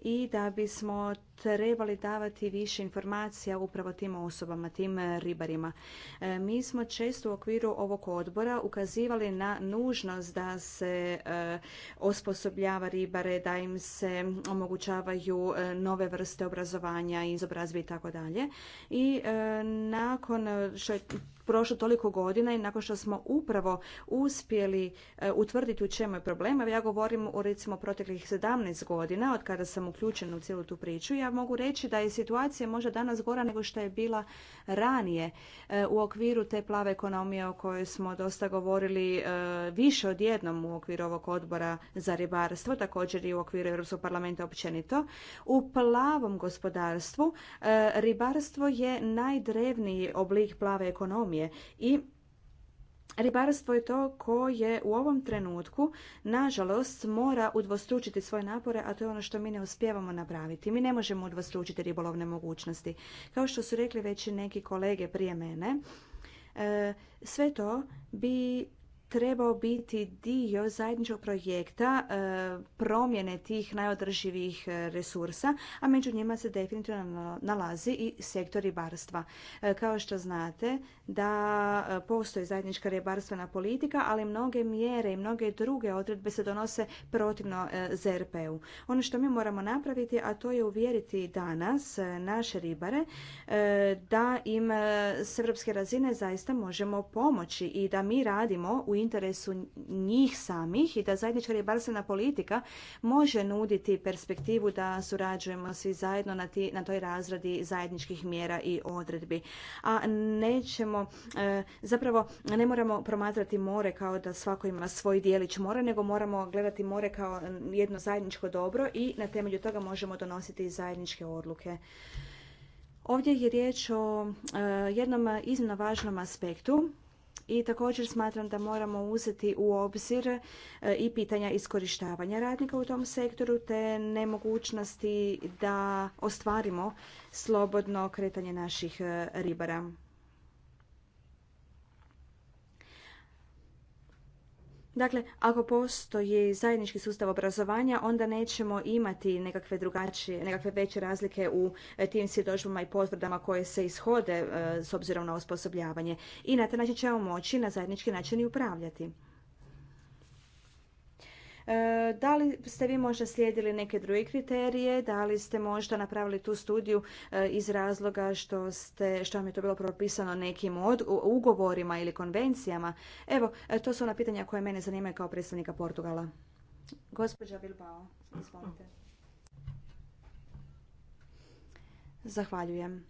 i da bismo trebali davati više informacija upravo tim osobama, tim ribarima. E, mi smo često u okviru ovog odbora ukazivali na nužnost da se e, osposobljava ribare, da im se omogućavaju e, nove vrste obrazovanja, izobrazbe i tako dalje. I nakon što je prošlo toliko godina i nakon što smo upravo uspjeli e, utvrditi u čemu je problem, ja govorim o recimo proteklih 17 godina od kada sam uključena u cijelu tu priču, ja mogu reći da je situacija možda danas gora nego što je bila ranije e, u okviru te plave ekonomije o kojoj smo dosta govorili e, više od jednom u okviru ovog odbora za ribarstvo, također i u okviru Europskog parlamenta općenito. U plavom gospodarstvu ribarstvo je najdrevniji oblik plave ekonomije razumije i Ribarstvo je to koje u ovom trenutku, nažalost, mora udvostručiti svoje napore, a to je ono što mi ne uspijevamo napraviti. Mi ne možemo udvostručiti ribolovne mogućnosti. Kao što su rekli već neki kolege prije mene, e, sve to bi trebao biti dio zajedničkog projekta e, promjene tih najodrživijih e, resursa, a među njima se definitivno nalazi i sektor ribarstva. E, kao što znate da postoji zajednička ribarstvena politika, ali mnoge mjere i mnoge druge odredbe se donose protivno ZRP-u. Ono što mi moramo napraviti, a to je uvjeriti danas naše ribare da im s europske razine zaista možemo pomoći i da mi radimo u interesu njih samih i da zajednička ribarstvena politika može nuditi perspektivu da surađujemo svi zajedno na, na toj razradi zajedničkih mjera i odredbi. A nećemo, e, zapravo ne moramo promatrati more kao da svako ima svoj dijelić mora, nego moramo gledati more kao jedno zajedničko dobro i na temelju toga možemo donositi zajedničke odluke. Ovdje je riječ o e, jednom iznimno važnom aspektu i također smatram da moramo uzeti u obzir e, i pitanja iskorištavanja radnika u tom sektoru te nemogućnosti da ostvarimo slobodno kretanje naših e, ribara. Dakle, ako postoji zajednički sustav obrazovanja, onda nećemo imati nekakve drugačije, nekakve veće razlike u e, tim svjedočbama i potvrdama koje se ishode e, s obzirom na osposobljavanje. I na taj način ćemo moći na zajednički način i upravljati. E, da li ste vi možda slijedili neke druge kriterije? Da li ste možda napravili tu studiju e, iz razloga što, ste, što vam je to bilo propisano nekim od, ugovorima ili konvencijama? Evo, e, to su ona pitanja koje mene zanimaju kao predstavnika Portugala. Gospođa Bilbao, izvolite. Oh. Zahvaljujem.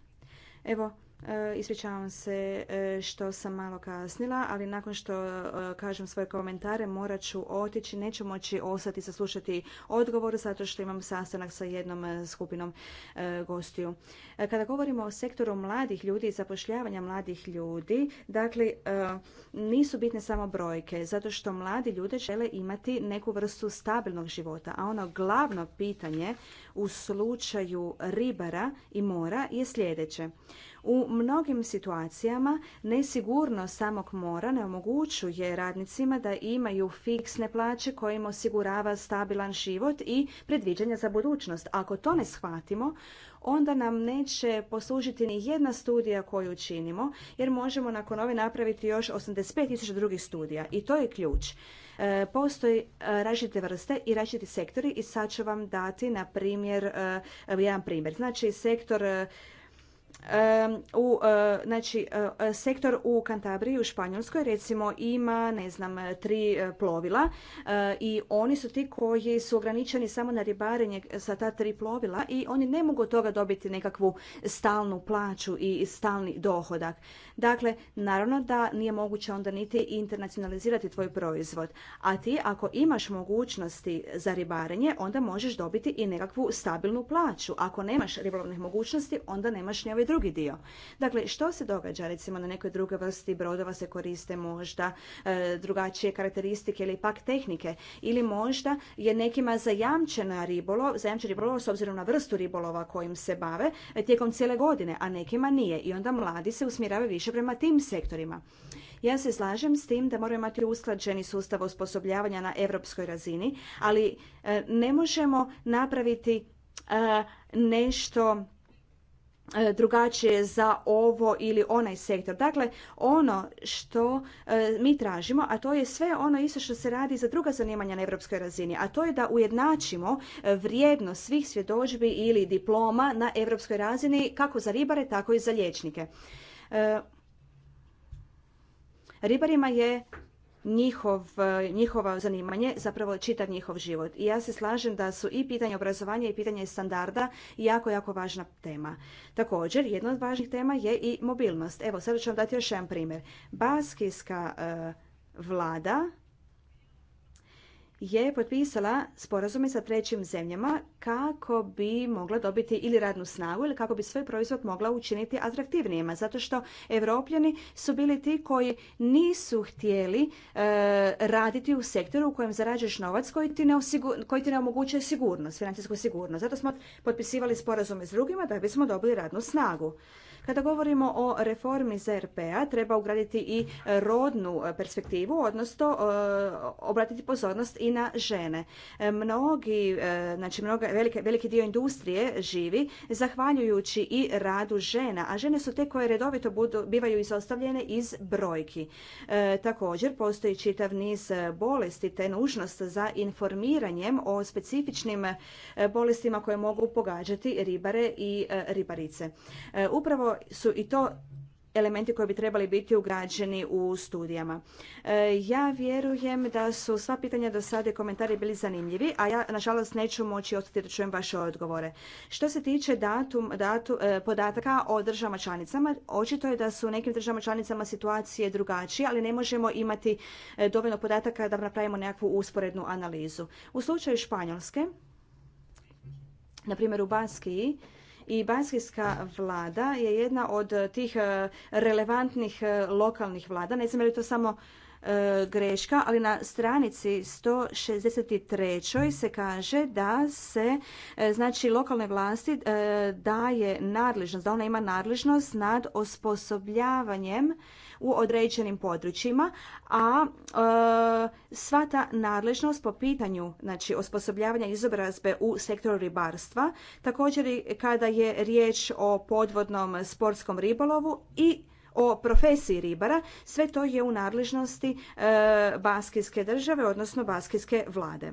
Evo, E, ispričavam se e, što sam malo kasnila, ali nakon što e, kažem svoje komentare morat ću otići. Neću moći ostati saslušati odgovor zato što imam sastanak sa jednom skupinom gostiju. Kada govorimo o sektoru mladih ljudi i zapošljavanja mladih ljudi, dakle nisu bitne samo brojke zato što mladi ljudi žele imati neku vrstu stabilnog života, a ono glavno pitanje u slučaju ribara i mora je sljedeće. U mnogim situacijama nesigurnost samog mora ne omogućuje radnicima da imaju fiksne plaće kojim osigurava stabilan život i predviđanja za budućnost. Ako to ne shvatimo, onda nam neće poslužiti ni jedna studija koju činimo, jer možemo nakon ove napraviti još 85.000 drugih studija. I to je ključ. E, postoji e, različite vrste i različiti sektori i sad ću vam dati na primjer e, jedan primjer. Znači sektor u e, znači e, e, sektor u Kantabriji u Španjolskoj recimo ima ne znam tri plovila i oni su ti koji su ograničeni samo na ribarenje sa ta tri plovila i oni ne mogu od toga dobiti nekakvu stalnu plaću i stalni dohodak. Dakle, naravno da nije moguće onda niti internacionalizirati tvoj proizvod. A ti ako imaš mogućnosti za ribarenje, onda možeš dobiti i nekakvu stabilnu plaću. Ako nemaš ribolovnih mogućnosti, onda nemaš ni drugi dio. Dakle, što se događa recimo na nekoj drugoj vrsti brodova se koriste možda e, drugačije karakteristike ili pak tehnike ili možda je nekima zajamčena ribolov, zajamčen ribolov s obzirom na vrstu ribolova kojim se bave e, tijekom cijele godine, a nekima nije i onda mladi se usmjeravaju više prema tim sektorima. Ja se slažem s tim da moramo imati usklađeni sustav osposobljavanja na europskoj razini, ali e, ne možemo napraviti nešto E, drugačije za ovo ili onaj sektor. Dakle, ono što e, mi tražimo, a to je sve ono isto što se radi za druga zanimanja na europskoj razini, a to je da ujednačimo vrijednost svih svjedođbi ili diploma na evropskoj razini kako za ribare, tako i za liječnike. E, ribarima je njihov, njihova zanimanje zapravo čitav njihov život. I ja se slažem da su i pitanje obrazovanja i pitanje standarda jako, jako važna tema. Također, jedna od važnih tema je i mobilnost. Evo, sad ću vam dati još jedan primjer. Baskijska e, vlada je potpisala sporazume sa trećim zemljama kako bi mogla dobiti ili radnu snagu ili kako bi svoj proizvod mogla učiniti atraktivnijima. Zato što evropljani su bili ti koji nisu htjeli e, raditi u sektoru u kojem zarađuješ novac koji ti ne, koji ti ne omogućuje sigurnost, financijsku sigurnost. Zato smo potpisivali sporazume s drugima da bismo dobili radnu snagu. Kada govorimo o reformi ZRP-a, treba ugraditi i e, rodnu e, perspektivu, odnosno e, obratiti pozornost i na žene. Mnogi, znači velike, veliki dio industrije živi zahvaljujući i radu žena, a žene su te koje redovito budu, bivaju izostavljene iz brojki. također postoji čitav niz bolesti te nužnost za informiranjem o specifičnim bolestima koje mogu pogađati ribare i ribarice. upravo su i to elementi koji bi trebali biti ugrađeni u studijama. E, ja vjerujem da su sva pitanja do sada i komentari bili zanimljivi, a ja nažalost neću moći ostati da čujem vaše odgovore. Što se tiče datum, datu, e, podataka o državama članicama, očito je da su u nekim državama članicama situacije drugačije, ali ne možemo imati e, dovoljno podataka da napravimo nekakvu usporednu analizu. U slučaju Španjolske, na primjer u Baskiji, i banskijska vlada je jedna od tih e, relevantnih e, lokalnih vlada. Ne znam je li to samo e, greška, ali na stranici 163. se kaže da se znači lokalne vlasti daje nadležnost, da ona ima nadležnost nad osposobljavanjem u određenim područjima, a e, sva ta nadležnost po pitanju znači, osposobljavanja izobrazbe u sektoru ribarstva, također i kada je riječ o podvodnom sportskom ribolovu i o profesiji ribara, sve to je u nadležnosti e, Baskijske države, odnosno Baskijske vlade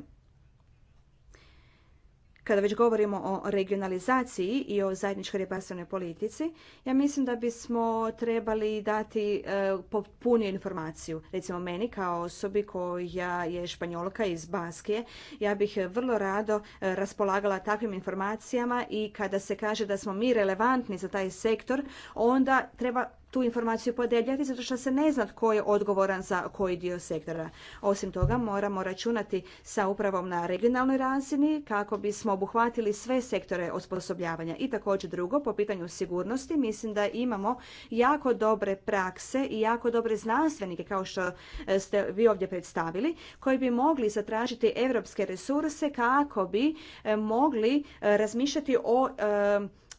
kada već govorimo o regionalizaciji i o zajedničkoj ribarstvenoj politici, ja mislim da bismo trebali dati e, potpuniju informaciju. Recimo meni kao osobi koja je španjolka iz Baskije, ja bih vrlo rado e, raspolagala takvim informacijama i kada se kaže da smo mi relevantni za taj sektor, onda treba tu informaciju podeljati zato što se ne zna tko je odgovoran za koji dio sektora. Osim toga moramo računati sa upravom na regionalnoj razini kako bismo obuhvatili sve sektore osposobljavanja. I također drugo, po pitanju sigurnosti mislim da imamo jako dobre prakse i jako dobre znanstvenike kao što e, ste vi ovdje predstavili koji bi mogli zatražiti europske resurse kako bi e, mogli e, razmišljati o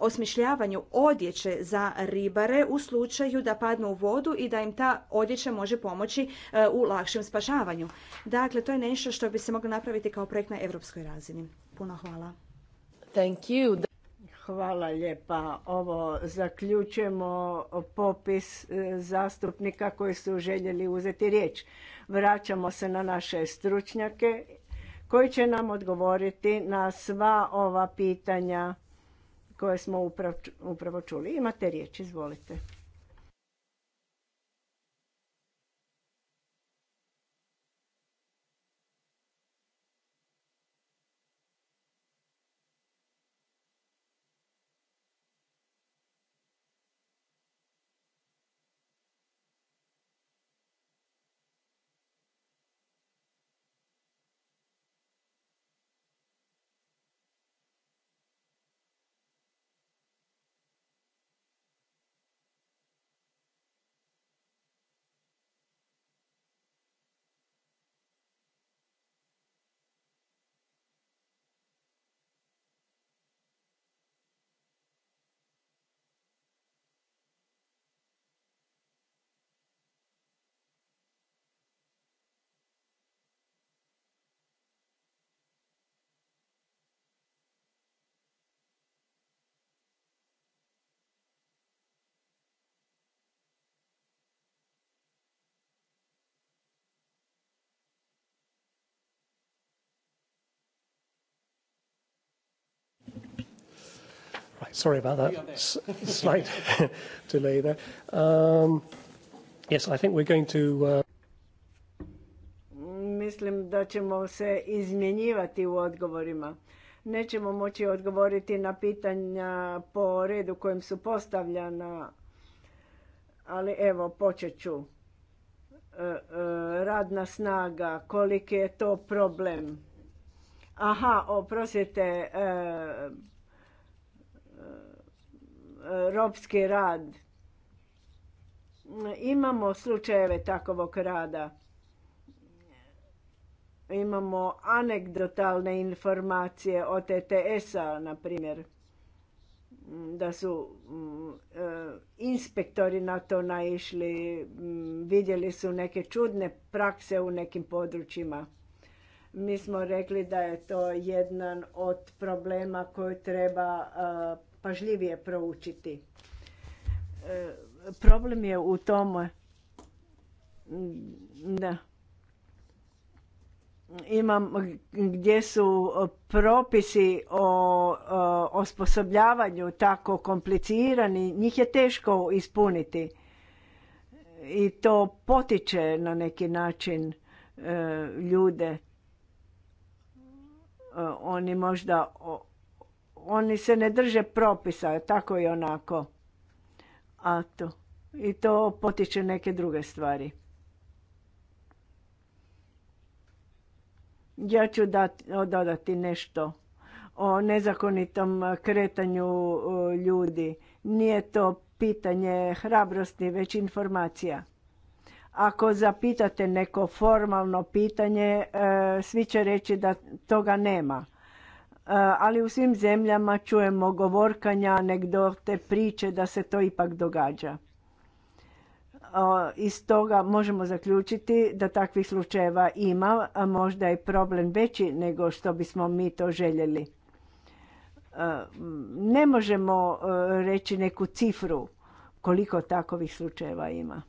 osmišljavanju odjeće za ribare u slučaju da padnu u vodu i da im ta odjeća može pomoći e, u lakšem spašavanju. Dakle, to je nešto što bi se moglo napraviti kao projekt na europskoj razini. Puno hvala. Thank you. Hvala lijepa. Ovo zaključujemo popis e, zastupnika koji su željeli uzeti riječ. Vraćamo se na naše stručnjake koji će nam odgovoriti na sva ova pitanja koje smo upravo čuli. Imate riječ, izvolite. Sorry about that slight delay um, yes, I think we're going to... Uh, Mislim da ćemo se izmjenjivati u odgovorima. Nećemo moći odgovoriti na pitanja po redu kojim su postavljana, ali evo, počet ću. E, e, radna snaga, koliki je to problem? Aha, oprostite, e, ropski rad. Imamo slučajeve takovog rada. Imamo anegdotalne informacije o TTS-a, na primjer, da su mm, e, inspektori na to naišli, mm, vidjeli su neke čudne prakse u nekim područjima. Mi smo rekli da je to jedan od problema koji treba e, pažljivije proučiti. E, problem je u tome da imam gdje su propisi o osposobljavanju tako komplicirani, njih je teško ispuniti i to potiče na neki način e, ljude. E, oni možda oni se ne drže propisa, tako i onako. A to, I to potiče neke druge stvari. Ja ću dodati nešto o nezakonitom kretanju ljudi. Nije to pitanje hrabrosti, već informacija. Ako zapitate neko formalno pitanje, e, svi će reći da toga nema. E, ali u svim zemljama čujemo govorkanja, anegdote, priče da se to ipak događa. Iz toga možemo zaključiti da takvih slučajeva ima, a možda je problem veći nego što bismo mi to željeli. E, ne možemo e, reći neku cifru koliko takvih slučajeva ima.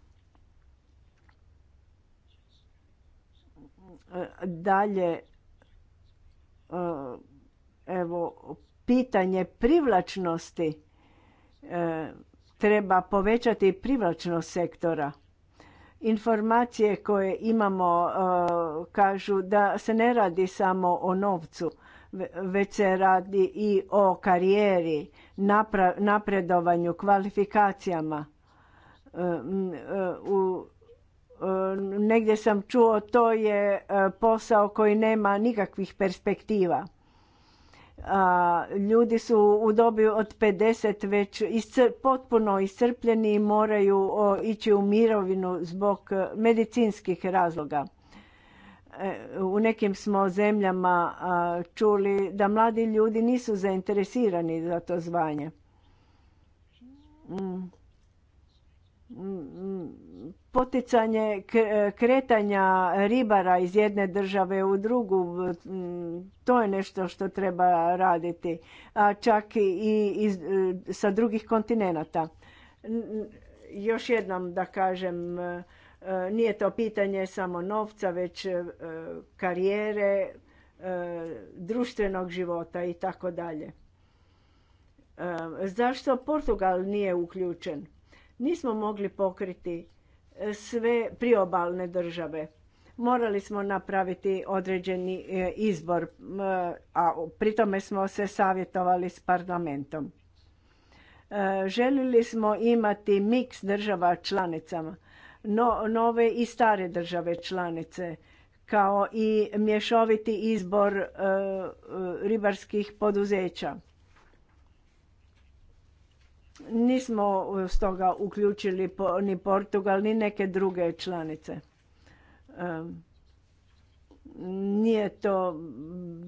Dalje, Evo, pitanje privlačnosti e, treba povećati privlačnost sektora. Informacije koje imamo e, kažu da se ne radi samo o novcu, već se radi i o karijeri, napredovanju, kvalifikacijama. E, u negdje sam čuo to je posao koji nema nikakvih perspektiva a, ljudi su u dobi od 50 već potpuno iscrpljeni i moraju ići u mirovinu zbog e, medicinskih razloga. E, u nekim smo zemljama čuli da mladi ljudi nisu zainteresirani za to zvanje. Mm. Mm, mm poticanje kretanja ribara iz jedne države u drugu, to je nešto što treba raditi, a čak i iz, e, sa drugih kontinenata. Još jednom da kažem, e, e, nije to pitanje samo novca, već karijere, društvenog života i tako dalje. Zašto Portugal nije uključen? Nismo mogli pokriti sve priobalne države. Morali smo napraviti određeni e, izbor, a pri tome smo se savjetovali s parlamentom. E, Željeli smo imati miks država članicama, no, nove i stare države članice, kao i mješoviti izbor e, ribarskih poduzeća Nismo e, stoga uključili ni Portugal ni neke druge članice. Nije to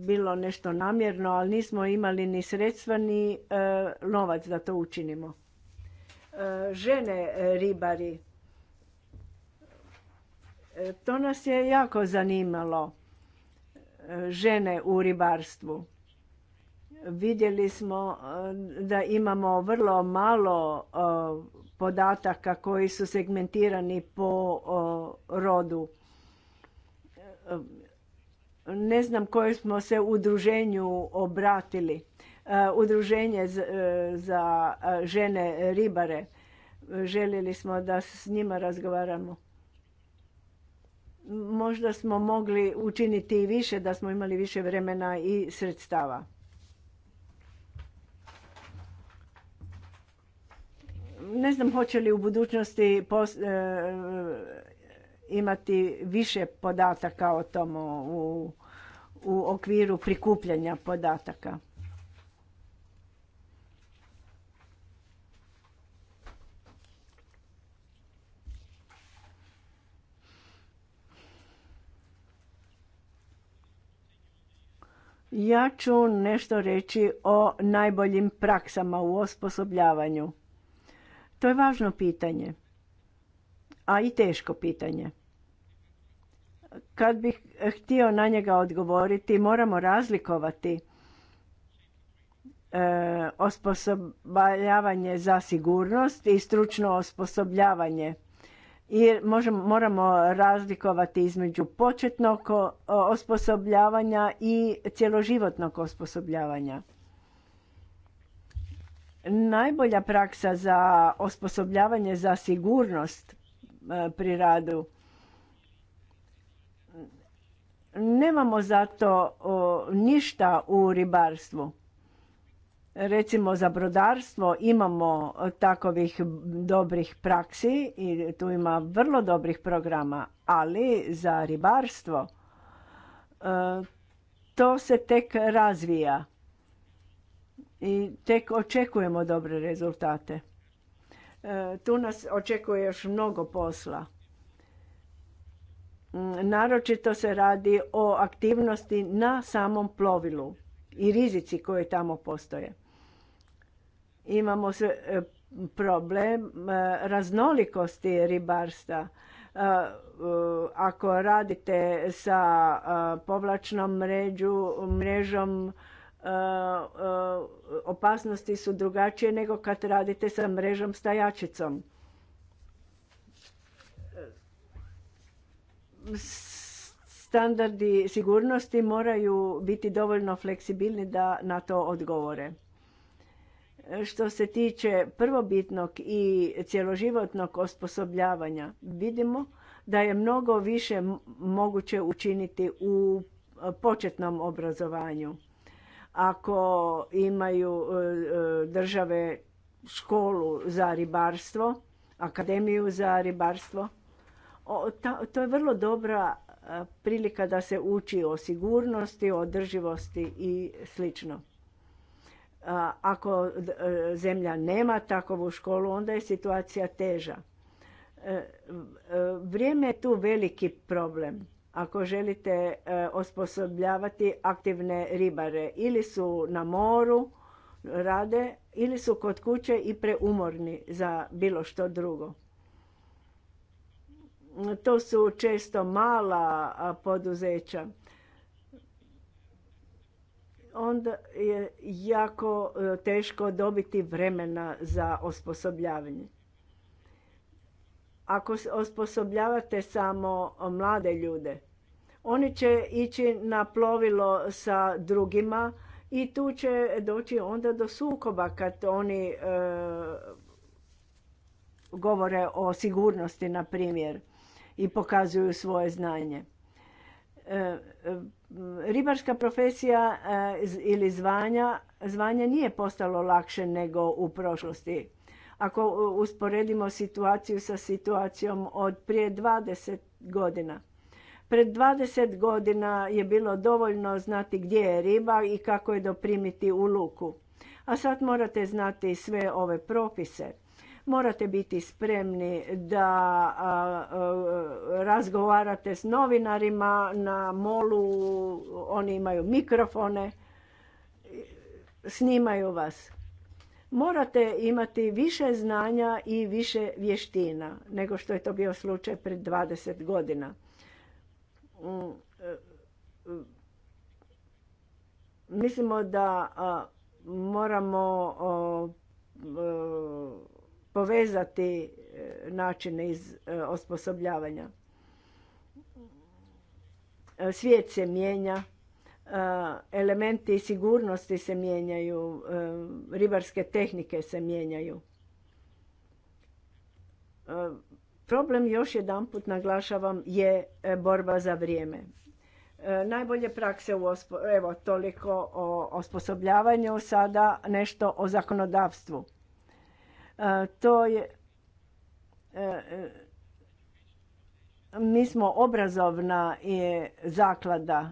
bilo nešto namjerno, ali nismo imali ni sredstva ni e, novac da to učinimo. E, žene ribari, to nas je jako zanimalo žene u ribarstvu Vidjeli smo e, da imamo vrlo malo e, podataka koji su segmentirani po rodu. E, ne znam koje smo se udruženju obratili. Udruženje za žene ribare. Željeli smo da s njima razgovaramo. Možda smo mogli učiniti i više da smo imali više vremena i sredstava. Ne znam hoće li u budućnosti e, imati više podataka o tom u, u okviru prikupljanja podataka. Ja ću nešto reći o najboljim praksama u osposobljavanju. To je važno pitanje, a i teško pitanje. Kad bih htio na njega odgovoriti, moramo razlikovati e, osposobljavanje za sigurnost i stručno osposobljavanje. I možemo, moramo razlikovati između početnog osposobljavanja i cjeloživotnog osposobljavanja. Najbolja praksa za osposobljavanje za sigurnost e, pri radu. Nemamo zato ništa u ribarstvu. Recimo za brodarstvo imamo takovih dobrih praksi i tu ima vrlo dobrih programa, ali za ribarstvo e, to se tek razvija i tek očekujemo dobre rezultate. E, tu nas očekuje još mnogo posla. Mm, naročito se radi o aktivnosti na samom plovilu i rizici koje tamo postoje. Imamo se e, problem e, raznolikosti ribarstva. Ako radite sa povlačnom mređu, mrežom, E, e, opasnosti su drugačije nego kad radite sa mrežom stajačicom. Standardi sigurnosti moraju biti dovoljno fleksibilni da na to odgovore. Što se tiče prvobitnog i cjeloživotnog osposobljavanja, vidimo da je mnogo više moguće učiniti u početnom obrazovanju ako imaju e, e, države školu za ribarstvo, akademiju za ribarstvo. to je vrlo dobra e, prilika da se uči o sigurnosti, o održivosti i slično. Ako zemlja nema takovu školu, onda je situacija teža. Vrijeme je tu veliki problem ako želite e, osposobljavati aktivne ribare ili su na moru rade ili su kod kuće i preumorni za bilo što drugo. To su često mala poduzeća. Onda je jako e, teško dobiti vremena za osposobljavanje. Ako osposobljavate samo mlade ljude, oni će ići na plovilo sa drugima i tu će doći onda do sukoba kad oni e, govore o sigurnosti, na primjer, i pokazuju svoje znanje. E, e, ribarska profesija ili zvanja, zvanje nije postalo lakše nego u prošlosti. Ako usporedimo situaciju sa situacijom od prije 20 godina. Pred 20 godina je bilo dovoljno znati gdje je riba i kako je doprimiti u luku. A sad morate znati sve ove propise. Morate biti spremni da razgovarate s novinarima na molu, oni imaju mikrofone, snimaju vas morate imati više znanja i više vještina nego što je to bio slučaj pred 20 godina. Mm, e, e, mislimo da moramo e, povezati načine iz osposobljavanja. Svijet se mijenja elementi sigurnosti se mijenjaju, e, ribarske tehnike se mijenjaju. E, problem, još jedan put naglašavam, je e, borba za vrijeme. Najbolje prakse, evo toliko o osposobljavanju, sada nešto o zakonodavstvu. To je, mi smo obrazovna zaklada,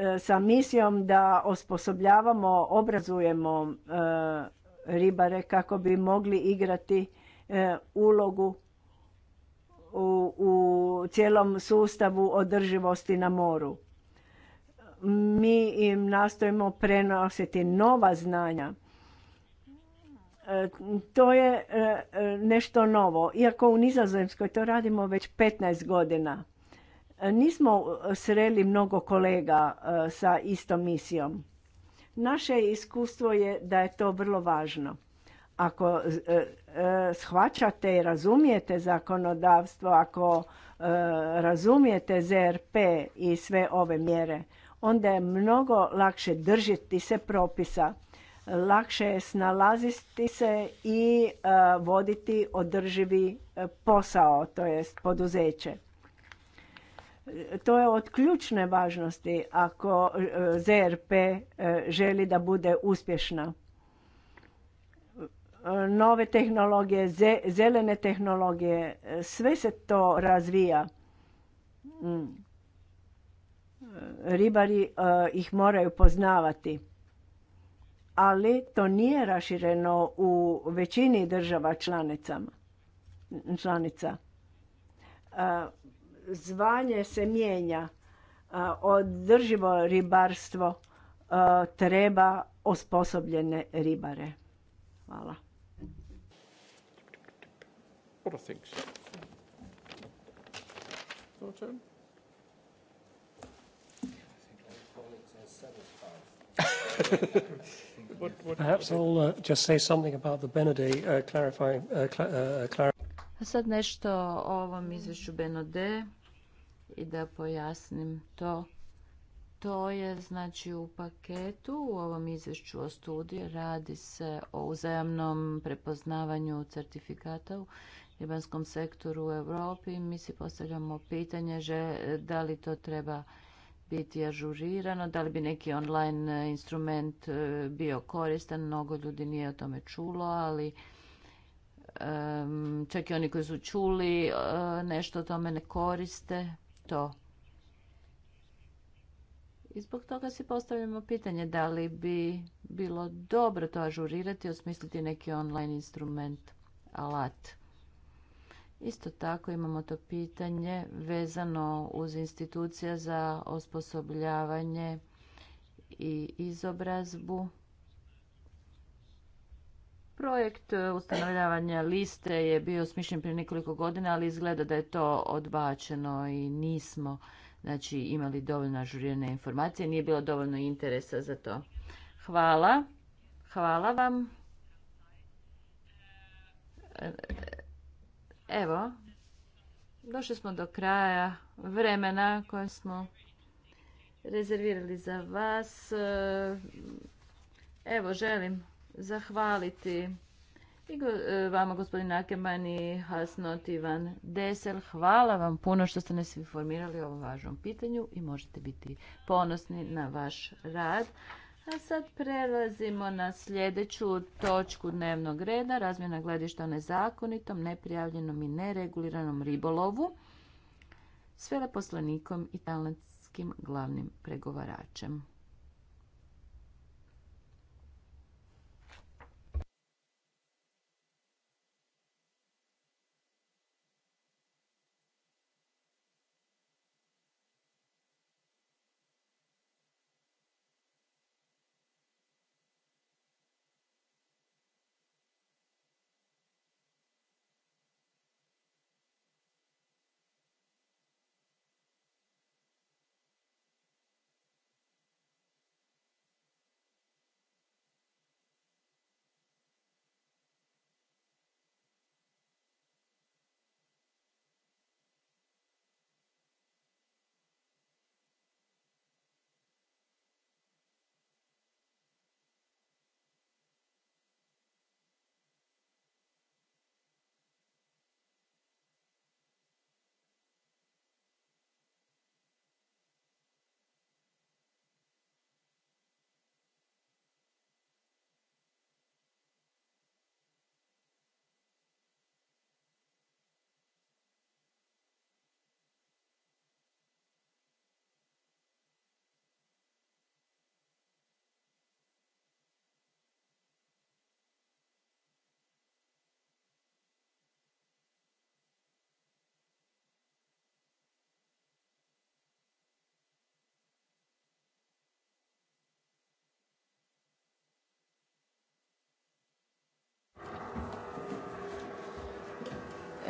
E, sa misijom da osposobljavamo, obrazujemo e, ribare kako bi mogli igrati e, ulogu u, cijelom sustavu održivosti na moru. Mi im nastojimo prenositi nova znanja. To je nešto novo. Iako u Nizozemskoj to radimo već 15 godina. Nismo e, sreli mnogo kolega e, sa istom misijom. Naše iskustvo je da je to vrlo važno. Ako e, shvaćate i razumijete zakonodavstvo, ako razumijete ZRP i sve ove mjere, onda je mnogo lakše držiti se propisa, lakše je snalaziti se i voditi održivi posao, to jest poduzeće. To je od ključne važnosti ako e, ZRP e, želi da bude uspješna. E, nove tehnologije, zelene tehnologije, sve se to razvija. Mm. Ribari ih moraju poznavati. Ali to nije rašireno u većini država članicama, članica zvanje se mijenja. Održivo ribarstvo treba osposobljene ribare. Hvala. Sad nešto o ovom izvješću Benode i da pojasnim to. To je znači u paketu u ovom izvješću o studiji radi se o uzajamnom prepoznavanju certifikata u ribanskom sektoru u Europi. Mi si postavljamo pitanje že, da li to treba biti ažurirano, da li bi neki online instrument e, bio koristan. Mnogo ljudi nije o tome čulo, ali čak i oni koji su čuli e, nešto o tome ne koriste to. I zbog toga si postavljamo pitanje da li bi bilo dobro to ažurirati, i osmisliti neki online instrument, alat. Isto tako imamo to pitanje vezano uz institucija za osposobljavanje i izobrazbu Projekt e, ustanovljavanja liste je bio smišljen prije nekoliko godina, ali izgleda da je to odbačeno i nismo znači, imali dovoljno ažurirane informacije, nije bilo dovoljno interesa za to. Hvala, hvala vam. E, evo, došli smo do kraja vremena koje smo rezervirali za vas. E, evo, želim zahvaliti i e, vama gospodin Akemani i Hasnot Ivan Desel. Hvala vam puno što ste nas informirali o ovom važnom pitanju i možete biti ponosni na vaš rad. A sad prelazimo na sljedeću točku dnevnog reda, razmjena gledišta o nezakonitom, neprijavljenom i nereguliranom ribolovu s veleposlanikom i talentskim glavnim pregovaračem.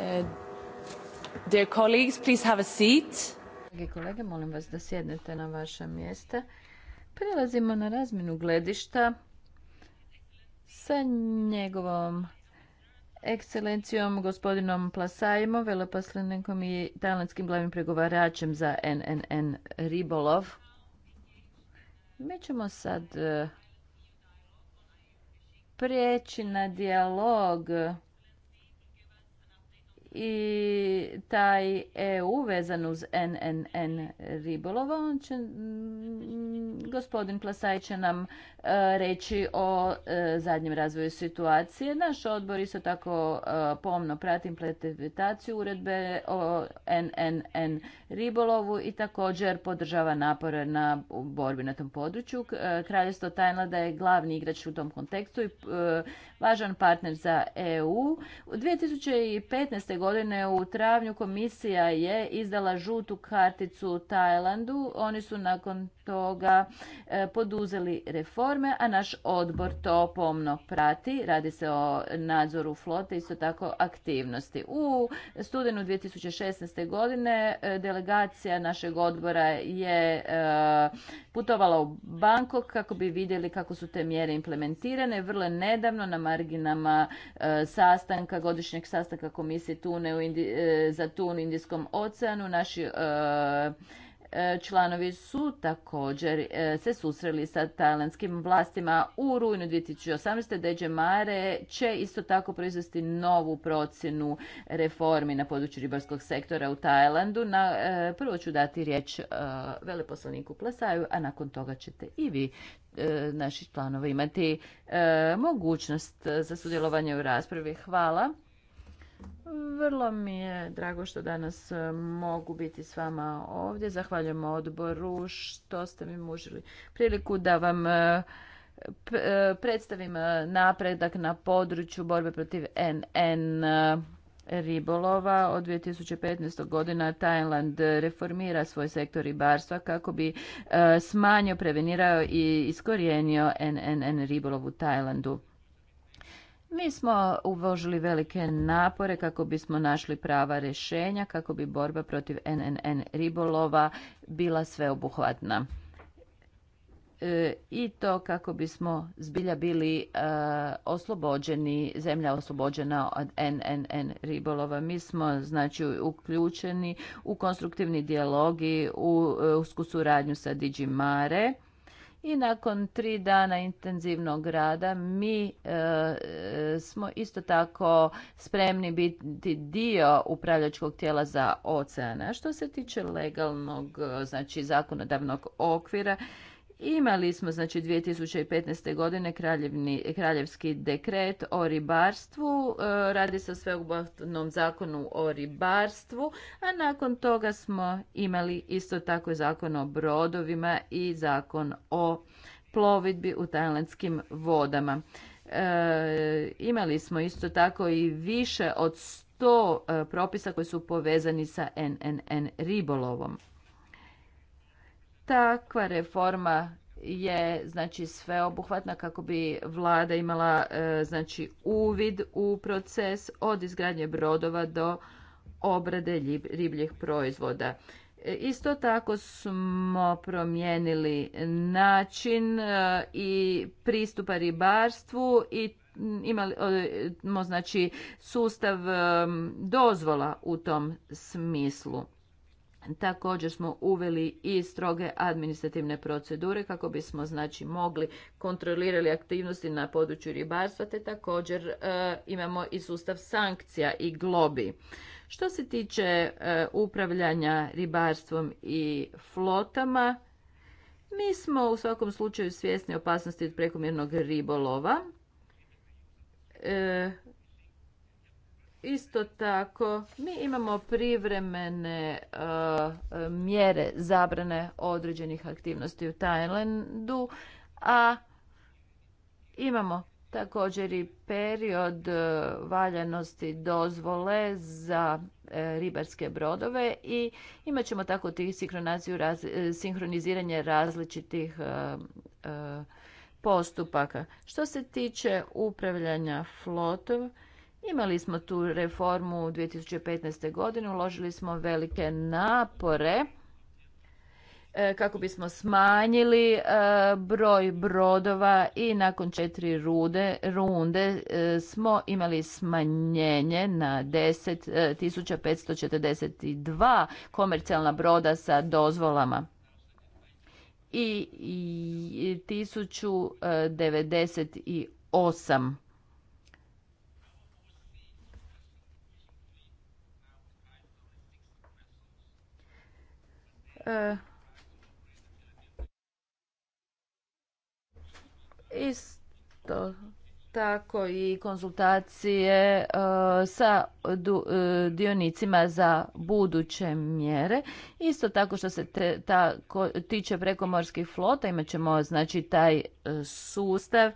Uh, dear colleagues, please have a seat. Dragi kolege, molim vas da sjednete na vaša mjesta. Prelazimo na razminu gledišta sa njegovom ekscelencijom gospodinom Plasajmo, veloposlenikom i talijanskim glavnim pregovaračem za NNN Ribolov. Mi ćemo sad eh, prijeći na dijalog i taj EU vezan uz NNN ribolova, on će, mm, gospodin Plasaj će nam e, reći o e, zadnjem razvoju situacije. Naš odbor isto tako e, pomno prati implementaciju uredbe o NNN ribolovu i također podržava napore na borbi na tom području. Kraljevstvo Tajnlada je glavni igrač u tom kontekstu i važan partner za EU. U 2015. godine u travnju komisija je izdala žutu karticu Tajlandu. Oni su nakon toga e, poduzeli reforme, a naš odbor to pomno prati. Radi se o nadzoru flote, isto tako aktivnosti. U studenu 2016. godine e, delegacija našeg odbora je e, putovala u Bangkok kako bi vidjeli kako su te mjere implementirane. Vrlo nedavno na marginama sastanka, godišnjeg sastanka komisije Tune za Tun u Indijskom oceanu, naši E, članovi su također e, se susreli sa tajlanskim vlastima u rujnu 2018. Deđe Mare će isto tako proizvesti novu procjenu reformi na području ribarskog sektora u Tajlandu. Na, e, prvo ću dati riječ veleposlaniku Plasaju, a nakon toga ćete i vi naši članovi imati mogućnost za sudjelovanje u raspravi. Hvala. Vrlo mi je drago što danas e, mogu biti s vama ovdje. Zahvaljujem odboru što ste mi mužili priliku da vam e, e, predstavim napredak na području borbe protiv NN ribolova. Od 2015. godina Tajland reformira svoj sektor ribarstva kako bi smanjio, prevenirao i iskorijenio NN ribolov u Tajlandu. Mi smo uvožili velike napore kako bismo našli prava rješenja, kako bi borba protiv NNN ribolova bila sveobuhvatna. E, I to kako bismo zbilja bili e, oslobođeni, zemlja oslobođena od NNN ribolova. Mi smo znači uključeni u konstruktivni dijalog u e, usku suradnju sa Digimare i nakon tri dana intenzivnog rada mi e, smo isto tako spremni biti dio upravljačkog tijela za A Što se tiče legalnog, e, znači zakonodavnog okvira, Imali smo znači 2015. godine kraljevski dekret o ribarstvu, e, radi se o sveobuhvatnom zakonu o ribarstvu, a nakon toga smo imali isto tako zakon o brodovima i zakon o plovidbi u tajlandskim vodama. E, imali smo isto tako i više od 100 e, propisa koji su povezani sa NNN ribolovom. Takva reforma je znači sveobuhvatna kako bi vlada imala e, znači uvid u proces od izgradnje brodova do obrade ribljih proizvoda. E, isto tako smo promijenili način e, i pristupa ribarstvu i imamo znači sustav dozvola u tom smislu. Također smo uveli i stroge administrativne procedure kako bismo znači mogli kontrolirali aktivnosti na području ribarstva, te također e, imamo i sustav sankcija i globi. Što se tiče e, upravljanja ribarstvom i flotama, mi smo u svakom slučaju svjesni opasnosti od prekomjernog ribolova. E, Isto tako, mi imamo privremene eh, mjere zabrane određenih aktivnosti u Tajlandu, a imamo također i period eh, valjanosti dozvole za eh, ribarske brodove i imat ćemo tako tih sinhronaciju, različitih postupaka. Što se tiče upravljanja flotom, Imali smo tu reformu 2015. godine, uložili smo velike napore e, kako bismo smanjili e, broj brodova i nakon četiri rude, runde e, smo imali smanjenje na 10.542 komercijalna broda sa dozvolama i 1098 E, isto tako i konzultacije e, sa e, dionicima za buduće mjere. Isto tako što se tiče prekomorskih flota, imat ćemo znači, taj sustav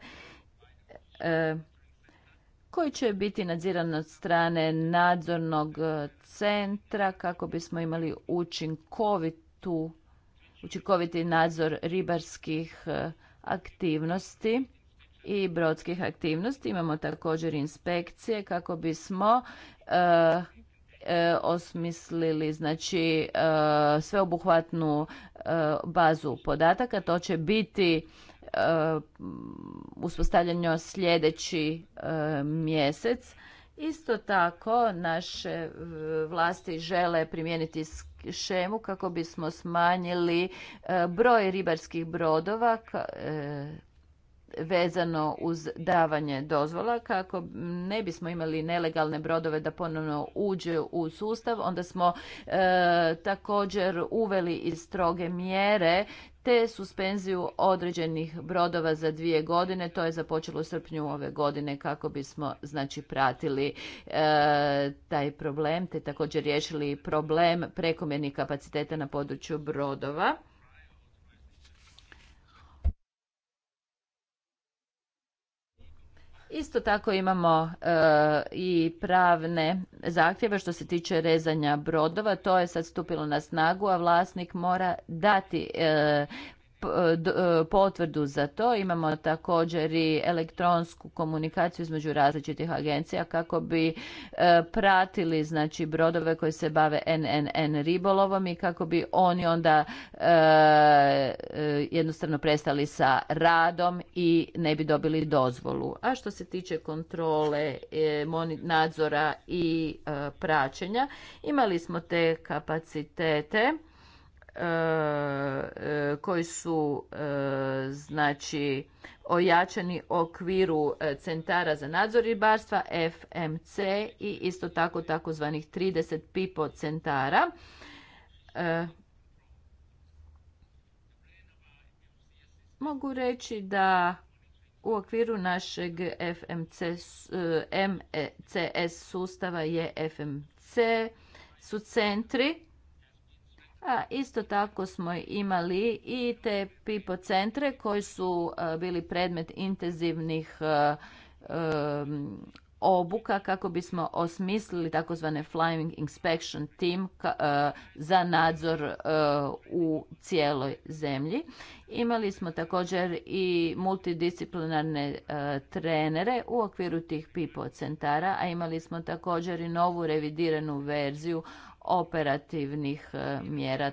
koji će biti nadziran od strane nadzornog centra kako bismo imali učinkovit tu učinkoviti nadzor ribarskih e, aktivnosti i brodskih aktivnosti. Imamo također inspekcije kako bismo e, e, osmislili znači sveobuhvatnu bazu podataka. To će biti uspostavljeno sljedeći mjesec. Isto tako naše vlasti žele primijeniti šemu kako bismo smanjili e, broj ribarskih brodova e, vezano uz davanje dozvola kako ne bismo imali nelegalne brodove da ponovno uđe u sustav onda smo e, također uveli i stroge mjere te suspenziju određenih brodova za dvije godine. To je započelo u srpnju ove godine kako bismo znači pratili e, taj problem te također riješili problem prekomjernih kapaciteta na području brodova. Isto tako imamo e, i pravne zahtjeve što se tiče rezanja brodova. To je sad stupilo na snagu, a vlasnik mora dati e, E, e, potvrdu za to. Imamo također i elektronsku komunikaciju između različitih agencija kako bi e, pratili znači brodove koji se bave NNN ribolovom i kako bi oni onda jednostavno prestali sa radom i ne bi dobili dozvolu. A što se tiče kontrole, nadzora i praćenja, imali smo te kapacitete E, koji su e, znači ojačani okviru e, centara za nadzor ribarstva FMC i isto tako takozvanih 30 pipo centara. Mogu reći da u okviru našeg FMC MCS sustava je FMC su centri a isto tako smo imali i te pipo centre koji su e, bili predmet intenzivnih e, e, obuka kako bismo osmislili takozvane flying inspection team za nadzor u cijeloj zemlji. Imali smo također i multidisciplinarne trenere u okviru tih PIPO centara, a imali smo također i novu revidiranu verziju operativnih e, mjera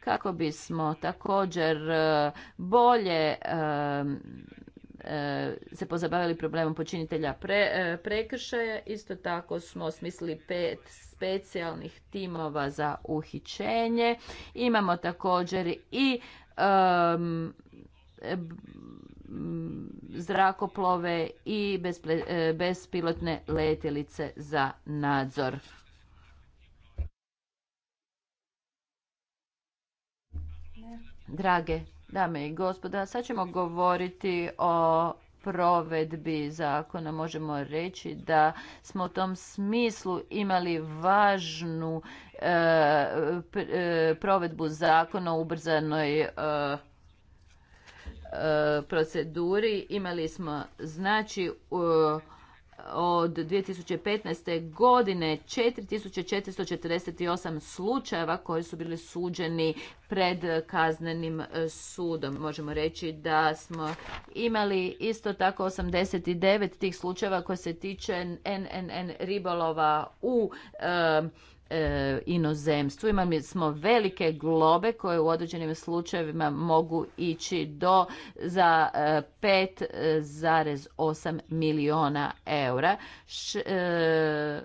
kako bismo također e, bolje e, se pozabavili problemom počinitelja prekršaja. Isto tako smo osmislili pet specijalnih timova za uhićenje. Imamo također i zrakoplove i bespilotne letjelice za nadzor. Drage dame i gospoda, sad ćemo govoriti o provedbi zakona možemo reći da smo u tom smislu imali važnu e, e, provedbu zakona u ubrzanoj e, proceduri. Imali smo znači od 2015. godine 4448 slučajeva koji su bili suđeni pred kaznenim e, sudom. Možemo reći da smo imali isto tako 89 tih slučajeva koje se tiče NNN ribolova u e, e, inozemstvu. Imali smo velike globe koje u određenim slučajevima mogu ići do za 5,8 e, e, miliona eura. Š, e,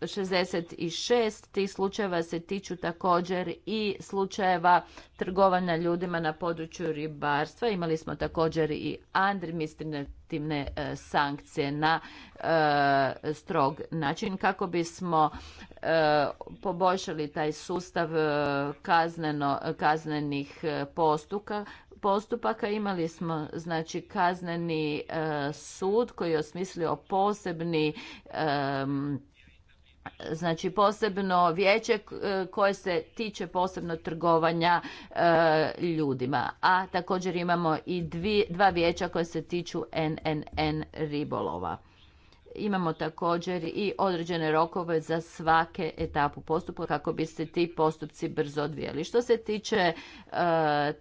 66 tih slučajeva se tiču također i slučajeva trgovanja ljudima na području ribarstva. Imali smo također i administrativne e, sankcije na e, strog način kako bismo e, poboljšali taj sustav kaznenih postuka, postupaka imali smo znači kazneni sud koji je osmislio posebni znači posebno vijeće e, koje se tiče posebno trgovanja e, ljudima. A također imamo i dva vijeća koje se tiču NNN ribolova. Imamo također i određene rokove za svake etapu postupka kako bi se ti postupci brzo odvijeli. Što se tiče e,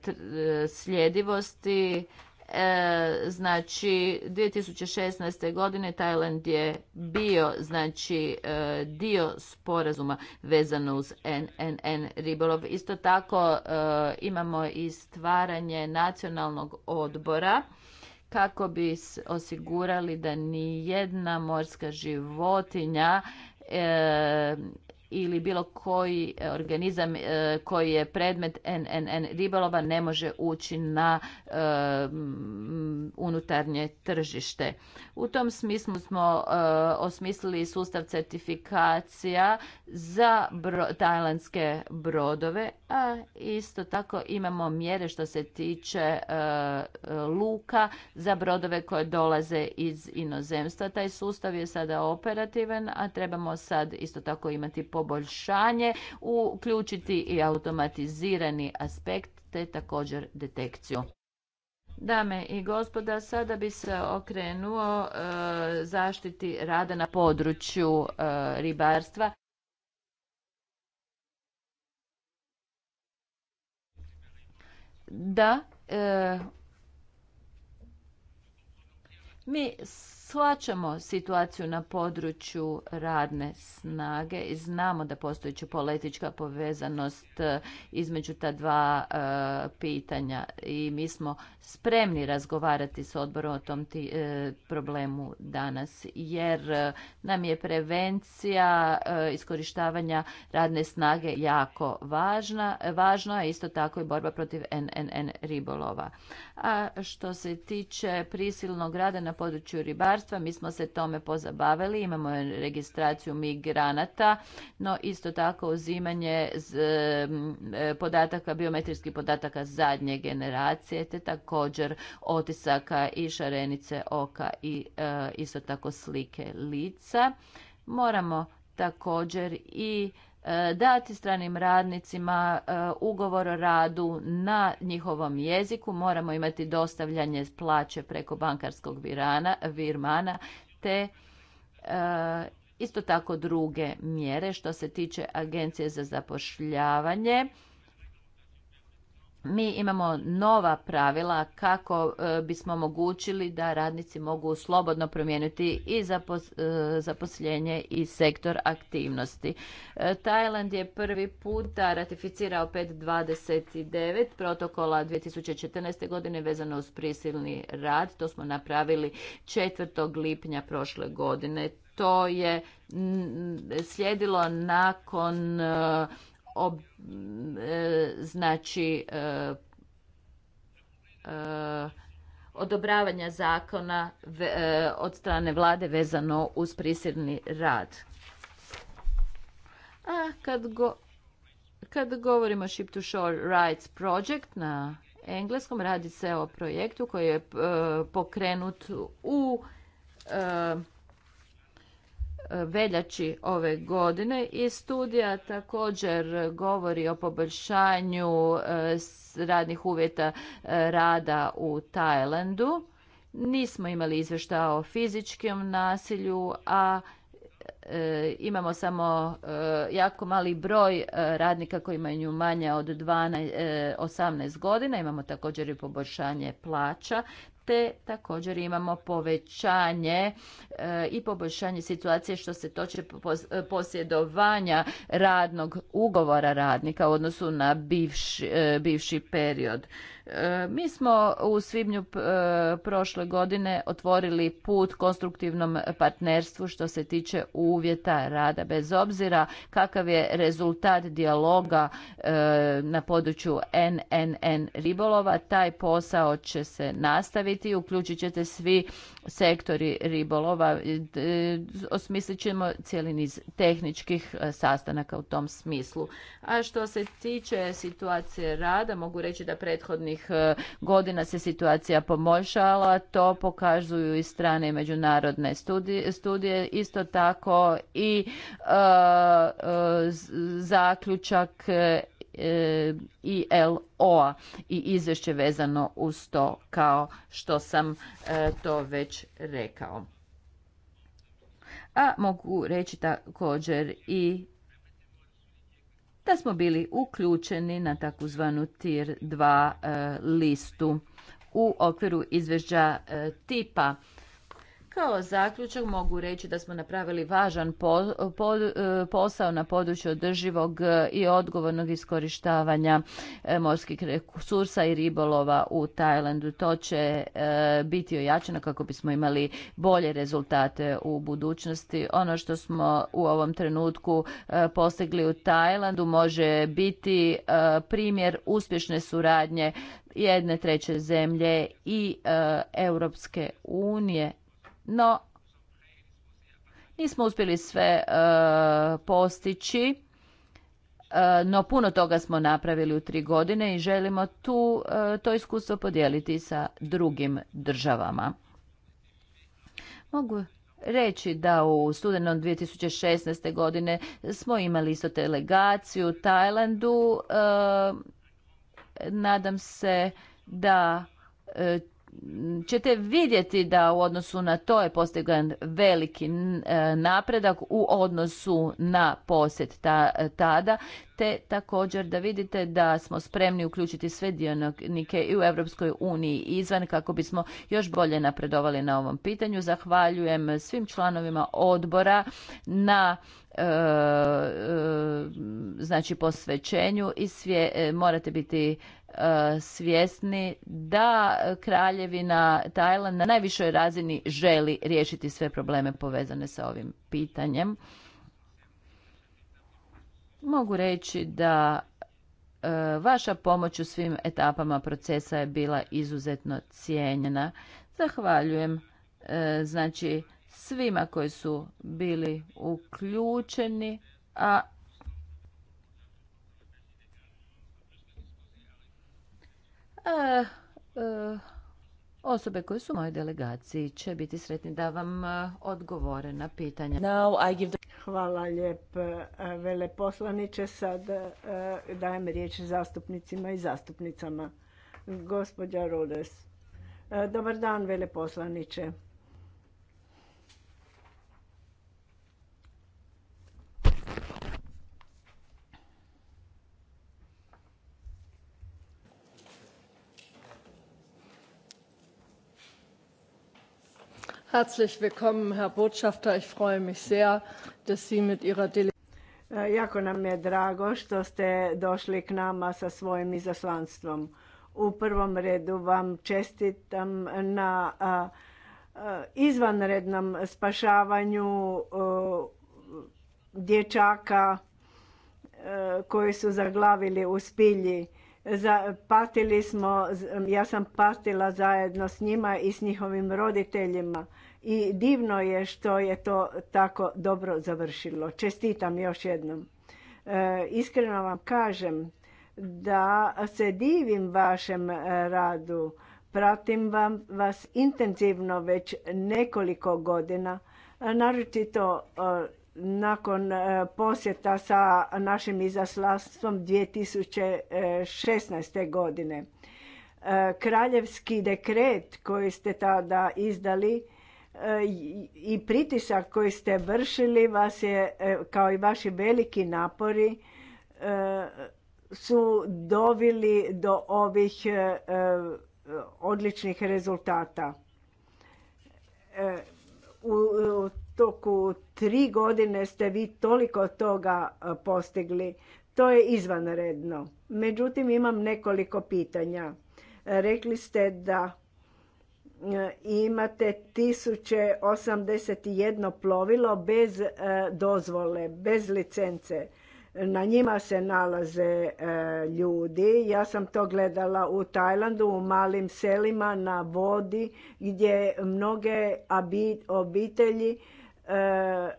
sljedivosti, E, znači 2016. godine Tajland je bio znači e, dio sporazuma vezano uz NNN ribolov. Isto tako e, imamo i stvaranje nacionalnog odbora kako bi osigurali da ni jedna morska životinja ili bilo koji e, organizam e, koji je predmet NNN ribolova ne može ući na e, unutarnje tržište. U tom smislu smo osmislili sustav certifikacija za tajlandske brodove, a isto tako imamo mjere što se tiče luka za brodove koje dolaze iz inozemstva. Taj sustav je sada operativan, a trebamo sad isto tako imati poboljšanje, uključiti i automatizirani aspekt te također detekciju. Dame i gospoda, sada bi se okrenuo e, zaštiti rada na području e, ribarstva. Da, e, mi shvaćamo situaciju na području radne snage i znamo da postojeća politička povezanost e, između ta dva e, pitanja i mi smo spremni razgovarati s odborom o tom e, problemu danas jer nam je prevencija iskorištavanja radne snage jako važna, važno je isto tako i borba protiv NNN ribolova. A što se tiče prisilnog rada na području ribarstva mi smo se tome pozabavili, imamo registraciju migranata, no isto tako uzimanje z, e, podataka, biometrijskih podataka zadnje generacije, te također otisaka i šarenice oka i e, isto tako slike lica. Moramo također i E, dati stranim radnicima e, ugovor o radu na njihovom jeziku, moramo imati dostavljanje plaće preko bankarskog virana, virmana te e, isto tako druge mjere što se tiče agencije za zapošljavanje mi imamo nova pravila kako e, bismo omogućili da radnici mogu slobodno promijeniti i e, zaposljenje i sektor aktivnosti. E, Tajland je prvi puta ratificirao 529 protokola 2014. godine vezano uz prisilni rad. To smo napravili 4. lipnja prošle godine. To je slijedilo nakon ob, e, znači e, e, odobravanja zakona od strane vlade vezano uz prisilni rad. A kad, go, kad govorimo o Ship to Shore Rights Project na engleskom, radi se o projektu koji je pokrenut u veljači ove godine i studija također govori o poboljšanju e, radnih uvjeta e, rada u Tajlandu. Nismo imali izvešta o fizičkom nasilju, a e, imamo samo jako mali broj radnika koji imaju manje od 12, 18 godina. Imamo također i poboljšanje plaća te također imamo povećanje e, i poboljšanje situacije što se toče posjedovanja radnog ugovora radnika u odnosu na bivši e, period. E, mi smo u svibnju e, prošle godine otvorili put konstruktivnom partnerstvu što se tiče uvjeta rada, bez obzira kakav je rezultat dijaloga e, na području NNN ribolova. Taj posao će se nastaviti, uključit ćete svi sektori ribolova, osmislit ćemo cijeli niz tehničkih sastanaka u tom smislu. A što se tiče situacije rada, mogu reći da prethodni E, godina se situacija poboljšala, to pokazuju i strane međunarodne studije, studije isto tako i e, e, zaključak i a i izvješće vezano uz to kao što sam to već rekao. A mogu reći također i da smo bili uključeni na takozvanu TIR 2 e, listu u okviru izvežđa e, tipa kao zaključak mogu reći da smo napravili važan e, posao na području održivog e, i odgovornog iskorištavanja e, morskih resursa i ribolova u Tajlandu. To će biti ojačeno kako bismo imali bolje rezultate u budućnosti. Ono što smo u ovom trenutku postigli u Tajlandu može biti primjer uspješne suradnje jedne treće zemlje i Europske unije no nismo uspjeli sve e, postići e, no puno toga smo napravili u tri godine i želimo tu, e, to iskustvo podijeliti sa drugim državama. Mogu reći da u studenom 2016. godine smo imali isto delegaciju u Tajlandu. Nadam se da ćete vidjeti da u odnosu na to je postigan veliki e, napredak u odnosu na posjet ta, e, tada, te također da vidite da smo spremni uključiti sve dionike i u Europskoj uniji izvan kako bismo još bolje napredovali na ovom pitanju. Zahvaljujem svim članovima odbora na E, e, znači posvećenju i svje, e, morate biti svjesni da kraljevina Tajland na najvišoj razini želi riješiti sve probleme povezane sa ovim pitanjem. Mogu reći da vaša pomoć u svim etapama procesa je bila izuzetno cijenjena. Zahvaljujem znači svima koji su bili uključeni, a e, osobe koje su u mojoj delegaciji će biti sretni da vam e, odgovore na pitanja. Hvala lijep e, veleposlaniče. Sad dajem riječ zastupnicima i zastupnicama. Gospođa Rudes. Dobar dan veleposlaniče. Herzlich willkommen, Herr Botschafter. Ich freue mich sehr, dass Sie mit Ihrer e, Jako nam je drago što ste došli k nama sa svojim izaslanstvom. U prvom redu vam čestitam na izvanrednom spašavanju dječaka e, koji su zaglavili u spilji. Patili smo, ja sam patila zajedno s njima i s njihovim roditeljima i divno je što je to tako dobro završilo. Čestitam još jednom. E, iskreno vam kažem da se divim vašem e, radu. Pratim vam, vas intenzivno već nekoliko godina, naročito e, nakon posjeta sa našim izaslastvom 2016. godine. Kraljevski dekret koji ste tada izdali i pritisak koji ste vršili vas je, e, kao i vaši veliki napori, e, su doveli do ovih e, odličnih rezultata. U toku tri godine ste vi toliko toga postigli. To je izvanredno. Međutim, imam nekoliko pitanja. Rekli ste da imate 1081 plovilo bez e, dozvole, bez licence. Na njima se nalaze e, ljudi. Ja sam to gledala u Tajlandu, u malim selima na vodi gdje mnoge obitelji e,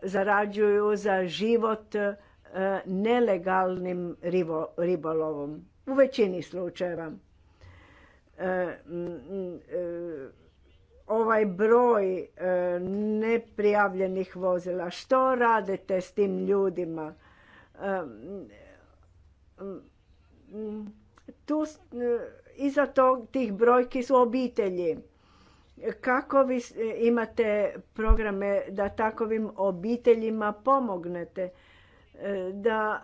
zarađuju za život nelegalnim ribolovom. U većini slučajeva ovaj broj e, neprijavljenih vozila. Što radite s tim ljudima? E, tu, e, iza tog, tih brojki su obitelji. Kako vi imate programe da takovim obiteljima pomognete? Da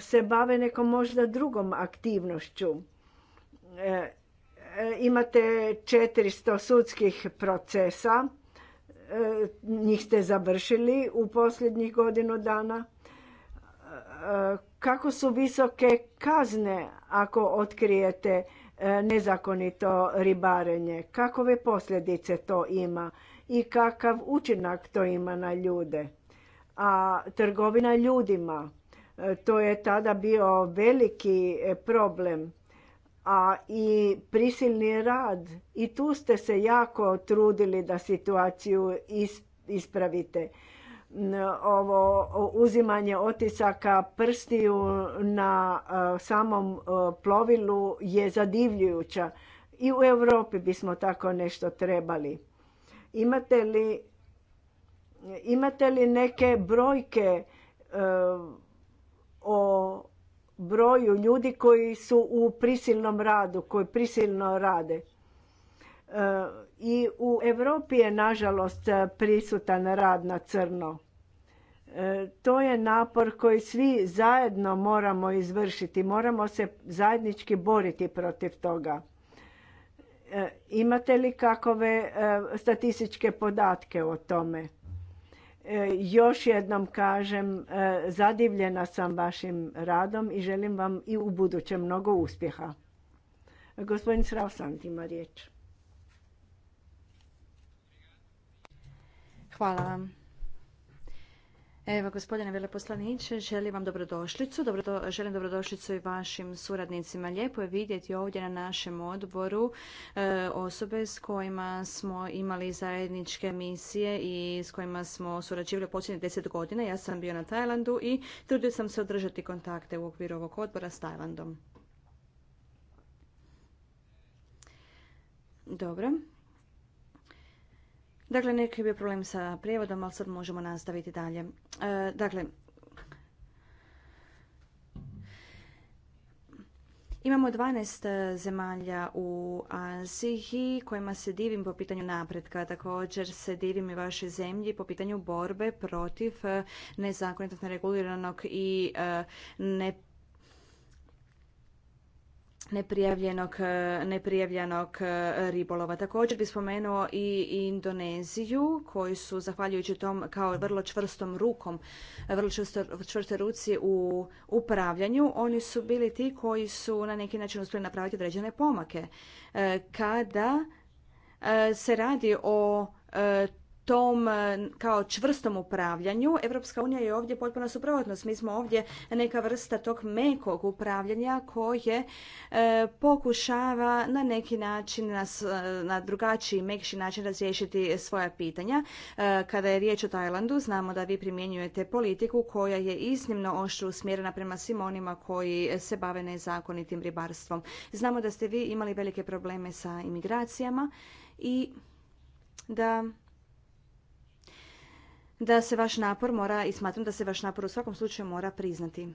se bave nekom možda drugom aktivnošću? E, imate 400 sudskih procesa, e, njih ste završili u posljednjih godinu dana. E, kako su visoke kazne ako otkrijete nezakonito ribarenje? Kakove posljedice to ima i kakav učinak to ima na ljude? A trgovina ljudima, to je tada bio veliki problem a i prisilni rad. I tu ste se jako trudili da situaciju ispravite. Ovo uzimanje otisaka prstiju na samom plovilu je zadivljujuća. I u Europi bismo tako nešto trebali. Imate li, imate li neke brojke e, o broju ljudi koji su u prisilnom radu, koji prisilno rade. E, I u Europi je nažalost prisutan rad na crno. E, to je napor koji svi zajedno moramo izvršiti, moramo se zajednički boriti protiv toga. E, imate li kakove statističke podatke o tome? E, još jednom kažem, e, zadivljena sam vašim radom i želim vam i u budućem mnogo uspjeha. Gospodin Srausant ima riječ. Hvala vam. Evo, gospodine veleposlaniče, želim vam dobrodošlicu. želim dobrodošlicu i vašim suradnicima. Lijepo je vidjeti ovdje na našem odboru e, osobe s kojima smo imali zajedničke misije i s kojima smo surađivali posljednjih deset godina. Ja sam bio na Tajlandu i trudio sam se održati kontakte u okviru ovog odbora s Tajlandom. Dobro. Dakle, neki je bio problem sa prijevodom, ali sad možemo nastaviti dalje. E, dakle, Imamo 12 e, zemalja u Aziji kojima se divim po pitanju napretka. Također se divim i vašoj zemlji po pitanju borbe protiv e, nezakonitog, nereguliranog i ne neprijavljenog, e, neprijavljenog e, ribolova. Također bi spomenuo i Indoneziju koji su zahvaljujući tom kao vrlo čvrstom rukom, vrlo čvrste ruci u upravljanju, oni su bili ti koji su na neki način uspjeli napraviti određene pomake. E, kada se radi o tom e, kao čvrstom upravljanju. Evropska unija je ovdje potpuno suprotnost. Mi smo ovdje neka vrsta tog mekog upravljanja koje e, pokušava na neki način, nas, e, na drugačiji, mekši način razriješiti svoja pitanja. kada je riječ o Tajlandu, znamo da vi primjenjujete politiku koja je iznimno oštro usmjerena prema svim onima koji se bave nezakonitim ribarstvom. Znamo da ste vi imali velike probleme sa imigracijama i da da se vaš napor mora i smatram da se vaš napor u svakom slučaju mora priznati.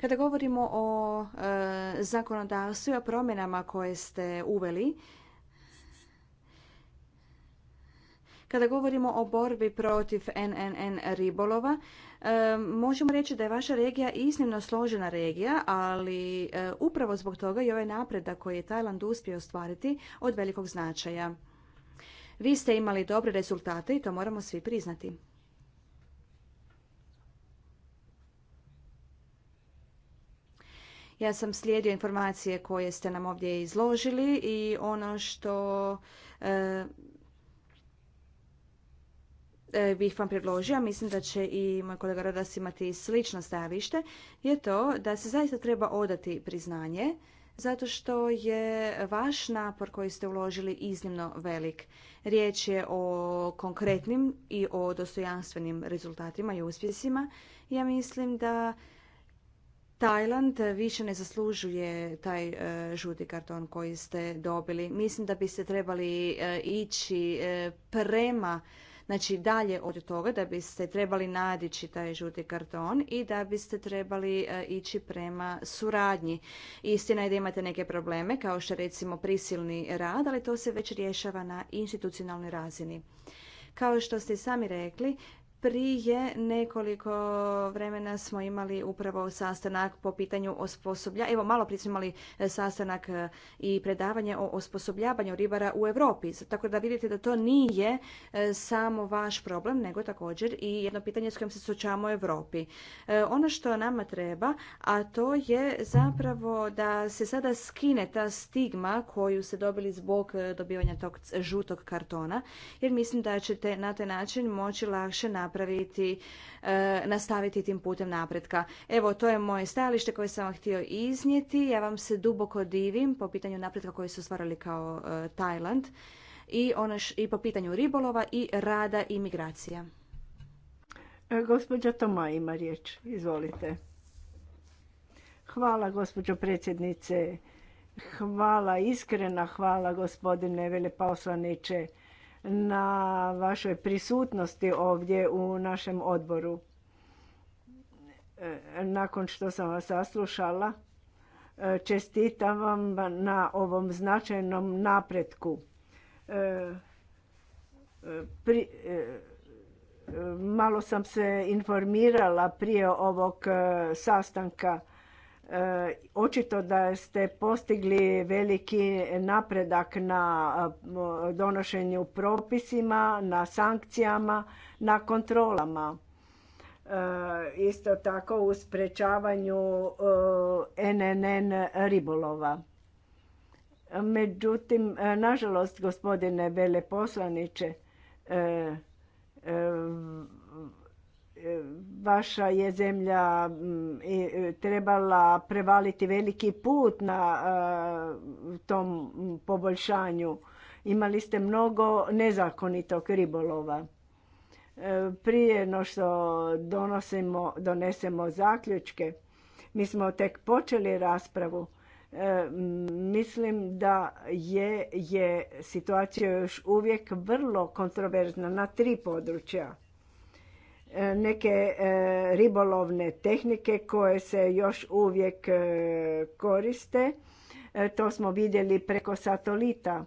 Kada govorimo o e, zakonodavstvu i o promjenama koje ste uveli, Kada govorimo o borbi protiv NNN ribolova, e, možemo reći da je vaša regija iznimno složena regija, ali e, upravo zbog toga i ovaj napredak koji je Tajland uspio ostvariti od velikog značaja. Vi ste imali dobre rezultate i to moramo svi priznati. Ja sam slijedio informacije koje ste nam ovdje izložili i ono što e, e, bih vam predložio, mislim da će i moj kolega Rodas imati slično stavište, je to da se zaista treba odati priznanje zato što je vaš napor koji ste uložili iznimno velik. Riječ je o konkretnim i o dostojanstvenim rezultatima i uspjesima. Ja mislim da Tajland više ne zaslužuje taj e, žuti karton koji ste dobili. Mislim da biste trebali e, ići e, prema Znači dalje od toga da biste trebali nadići taj žuti karton i da biste trebali e, ići prema suradnji. Istina je da imate neke probleme kao što recimo prisilni rad, ali to se već rješava na institucionalnoj razini. Kao što ste i sami rekli, prije nekoliko vremena smo imali upravo sastanak po pitanju osposoblja. Evo, malo prije smo imali e, sastanak e, i predavanje o osposobljavanju ribara u Europi. Tako da vidite da to nije e, samo vaš problem, nego također i jedno pitanje s kojim se suočavamo u Europi. Ono što nama treba, a to je zapravo da se sada skine ta stigma koju se dobili zbog dobivanja tog žutog kartona, jer mislim da ćete na taj način moći lakše napraviti napraviti, e, nastaviti tim putem napretka. Evo, to je moje stajalište koje sam vam htio iznijeti. Ja vam se duboko divim po pitanju napretka koji su stvarali kao e, Tajland i, ono i po pitanju ribolova i rada i migracija. E, gospođa Toma ima riječ. Izvolite. Hvala, gospođo predsjednice. Hvala, iskrena hvala, gospodine veleposlaniče na vašoj prisutnosti ovdje u našem odboru. E, nakon što sam vas saslušala, e, čestitam vam na ovom značajnom napretku. E, malo sam se informirala prije ovog sastanka Eh, očito da ste postigli veliki napredak na eh, donošenju propisima, na sankcijama, na kontrolama. Eh, isto tako u sprečavanju NNN ribolova. Međutim, nažalost, gospodine veleposlaniče, vaša je zemlja mm, e, trebala prevaliti veliki put na e, tom poboljšanju. Imali ste mnogo nezakonitog ribolova. E, prije no što donosimo, donesemo zaključke, mi smo tek počeli raspravu. Mislim da je, je situacija još uvijek vrlo kontroverzna na tri područja E, neke e, ribolovne tehnike koje se još uvijek e, koriste. To smo vidjeli preko satelita.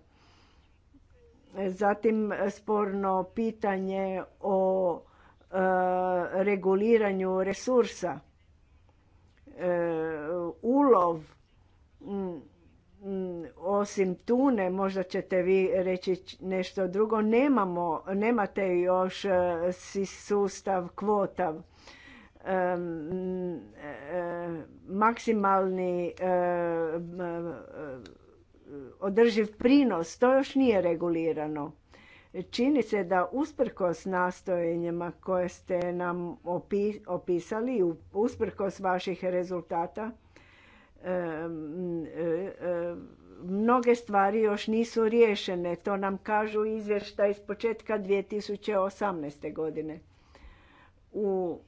Zatim sporno pitanje o reguliranju resursa. Ulov Mm, osim tune, možda ćete vi reći nešto drugo, nemamo, nemate još e, sustav kvota. E, maksimalni e, održiv prinos, to još nije regulirano. Čini se da usprkos nastojenjima koje ste nam opisali, usprkos vaših rezultata, E, e, mnoge stvari još nisu riješene. To nam kažu izvješta iz početka 2018. godine. U,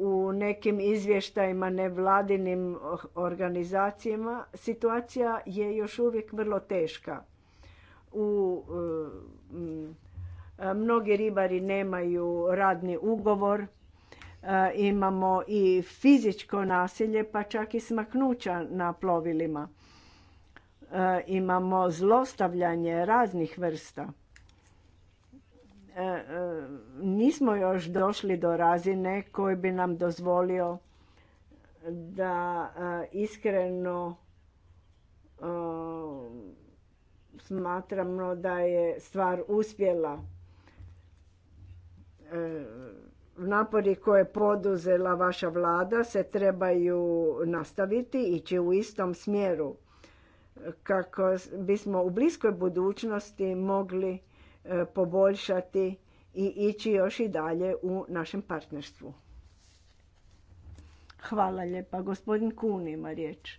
u nekim izvještajima nevladinim organizacijama situacija je još uvijek vrlo teška. U, e, mnogi ribari nemaju radni ugovor, E, imamo i fizičko nasilje pa čak i smaknuća na plovilima. E, imamo zlostavljanje raznih vrsta. E, nismo još došli do razine koji bi nam dozvolio da iskreno smatramo da je stvar uspjela napori koje poduzela vaša vlada se trebaju nastaviti, ići u istom smjeru kako bismo u bliskoj budućnosti mogli e, poboljšati i ići još i dalje u našem partnerstvu. Hvala lijepa. Gospodin Kun ima riječ.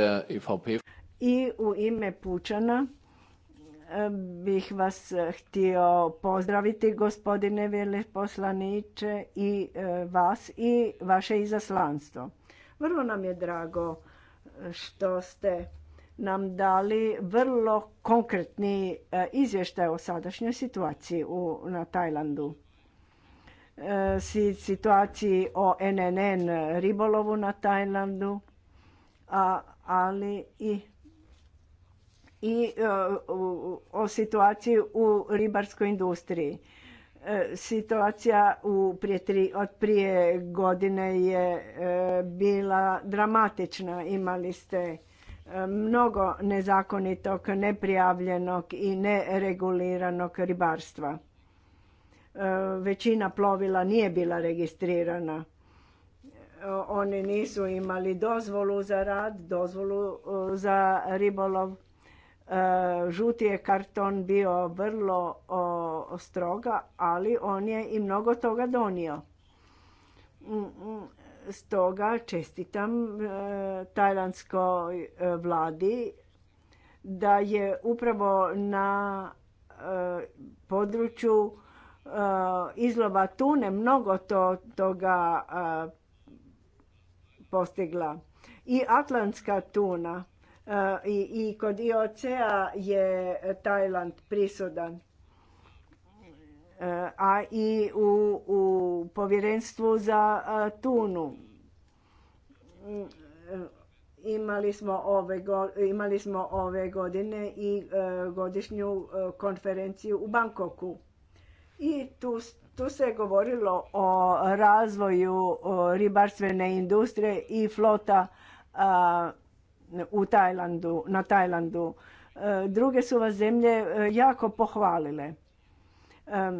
E I u ime Pučana bih vas e, htio pozdraviti gospodine veleposlaniče i e, vas i vaše izaslanstvo. Vrlo nam je drago e, što ste nam dali vrlo konkretni izvještaj o sadašnjoj situaciji u, na Tajlandu. Situaciji o NNN ribolovu na Tajlandu, a, ali i i e, o situaciji u ribarskoj industriji. E, situacija u od prije godine je e, bila dramatična. Imali ste mnogo nezakonitog, neprijavljenog i nereguliranog ribarstva. Većina plovila nije bila registrirana. Oni nisu imali dozvolu za rad, dozvolu za ribolov Eh, žuti je karton bio vrlo stroga, ali on je i mnogo toga donio. Mm, mm, stoga čestitam eh, tajlandskoj eh, vladi da je upravo na području izlova tune mnogo toga postigla. I atlantska tuna i kod IOC-a je Tajland prisudan. E, a i u, u povjerenstvu za tunu. Mm, e, imali smo ove, imali smo ove godine i e, godišnju konferenciju u Bankoku. I tu, tu se je govorilo o razvoju ribarstvene industrije i flota u Tajlandu, na Tajlandu. E, druge su vas zemlje e, jako pohvalile. E,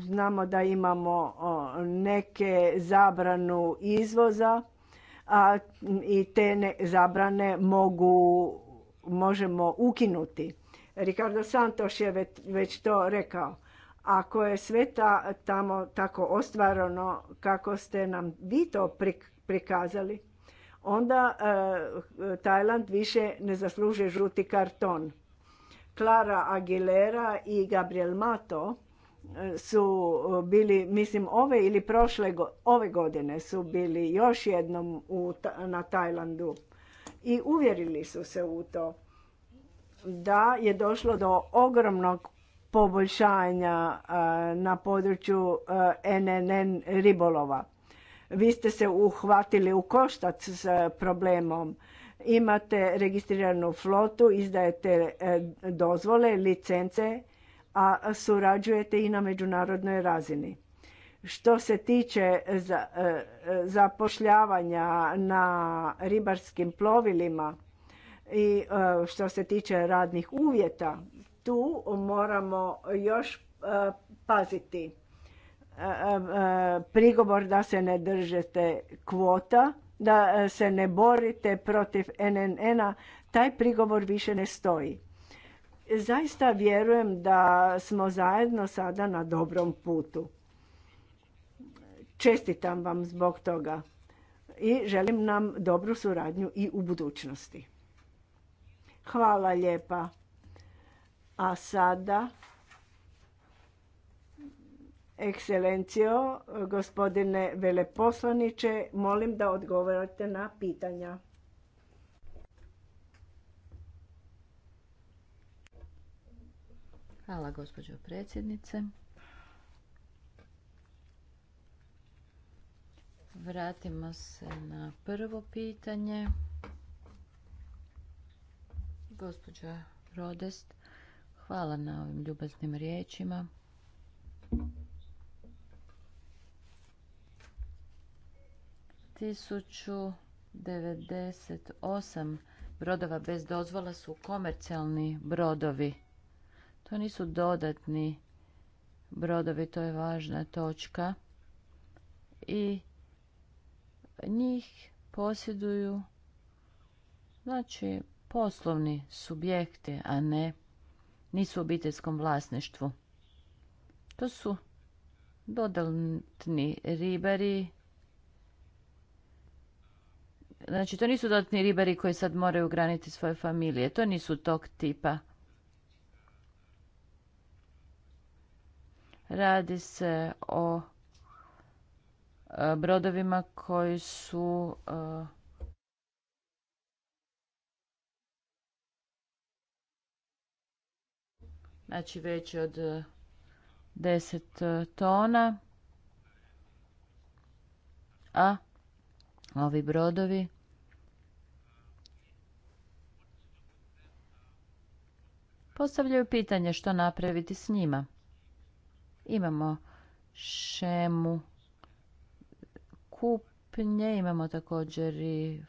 znamo da imamo neke zabranu izvoza, a i te zabrane možemo ukinuti. Ricardo Santos je već to rekao. Ako je sve tamo tako ostvarano kako ste nam vi to prikazali, onda eh, Tajland više ne zaslužuje žuti karton. Clara Aguilera i Gabriel Mato eh, su eh, bili, mislim ove ili prošle ove godine su bili još jednom u, na Tajlandu i uvjerili su se u to da je došlo do ogromnog poboljšanja eh, na području NNN eh, ribolova. Vi ste se uhvatili u koštac s eh, problemom. Imate registriranu flotu, izdajete dozvole, licence, a surađujete i na međunarodnoj razini. Što se tiče zapošljavanja na ribarskim plovilima i što se tiče radnih uvjeta, tu moramo još e, paziti. E, e, prigovor da se ne držete kvota, da se ne borite protiv NNN-a, taj prigovor više ne stoji. Zaista vjerujem da smo zajedno sada na dobrom putu. Čestitam vam zbog toga i želim nam dobru suradnju i u budućnosti. Hvala lijepa. A sada, ekscelencijo, gospodine veleposlaniče, molim da odgovorite na pitanja. Hvala, gospođo predsjednice. Vratimo se na prvo pitanje. Gospođa Rodest Hvala na ovim ljubaznim riječima. Tisuću brodova bez dozvola su komercijalni brodovi. To nisu dodatni brodovi, to je važna točka. I njih posjeduju znači poslovni subjekti, a ne nisu u obiteljskom vlasništvu. To su dodatni ribari. Znači, to nisu dodatni ribari koji sad moraju graniti svoje familije. To nisu tog tipa. Radi se o e, brodovima koji su e, znači veći od 10 e, e, tona, a ovi brodovi postavljaju pitanje što napraviti s njima. Imamo šemu kupnje, imamo također i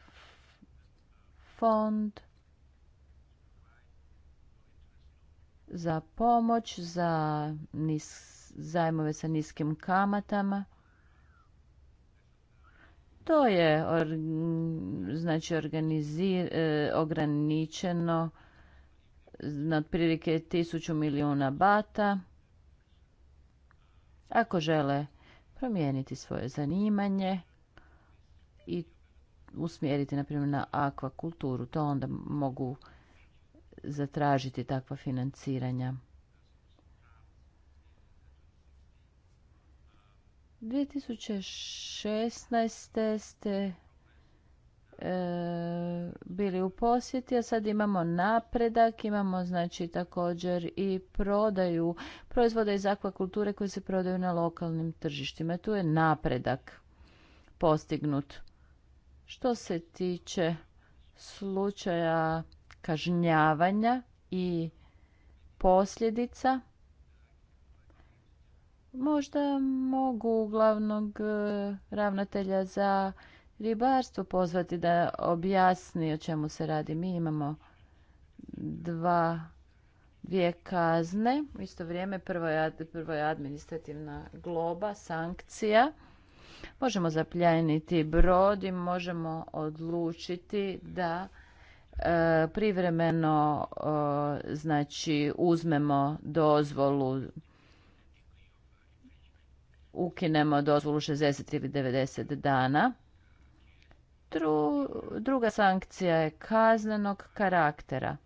fond za pomoć, za nis, zajmove sa niskim kamatama. To je or, znači e, ograničeno na otprilike tisuću milijuna bata. Ako žele promijeniti svoje zanimanje i usmjeriti na primjer na akvakulturu, to onda mogu zatražiti takva financiranja. 2016. ste e, bili u posjeti, a sad imamo napredak, imamo znači također i prodaju proizvoda iz akvakulture koji se prodaju na lokalnim tržištima. Tu je napredak postignut. Što se tiče slučaja kažnjavanja i posljedica možda mogu glavnog e, ravnatelja za ribarstvo pozvati da objasni o čemu se radi. Mi imamo dva dvije kazne. U isto vrijeme prvo je, prvo je administrativna globa, sankcija. Možemo zapljeniti brod i možemo odlučiti da E, privremeno e, znači uzmemo dozvolu ukinemo dozvolu 60 ili 90 dana. druga sankcija je kaznenog karaktera.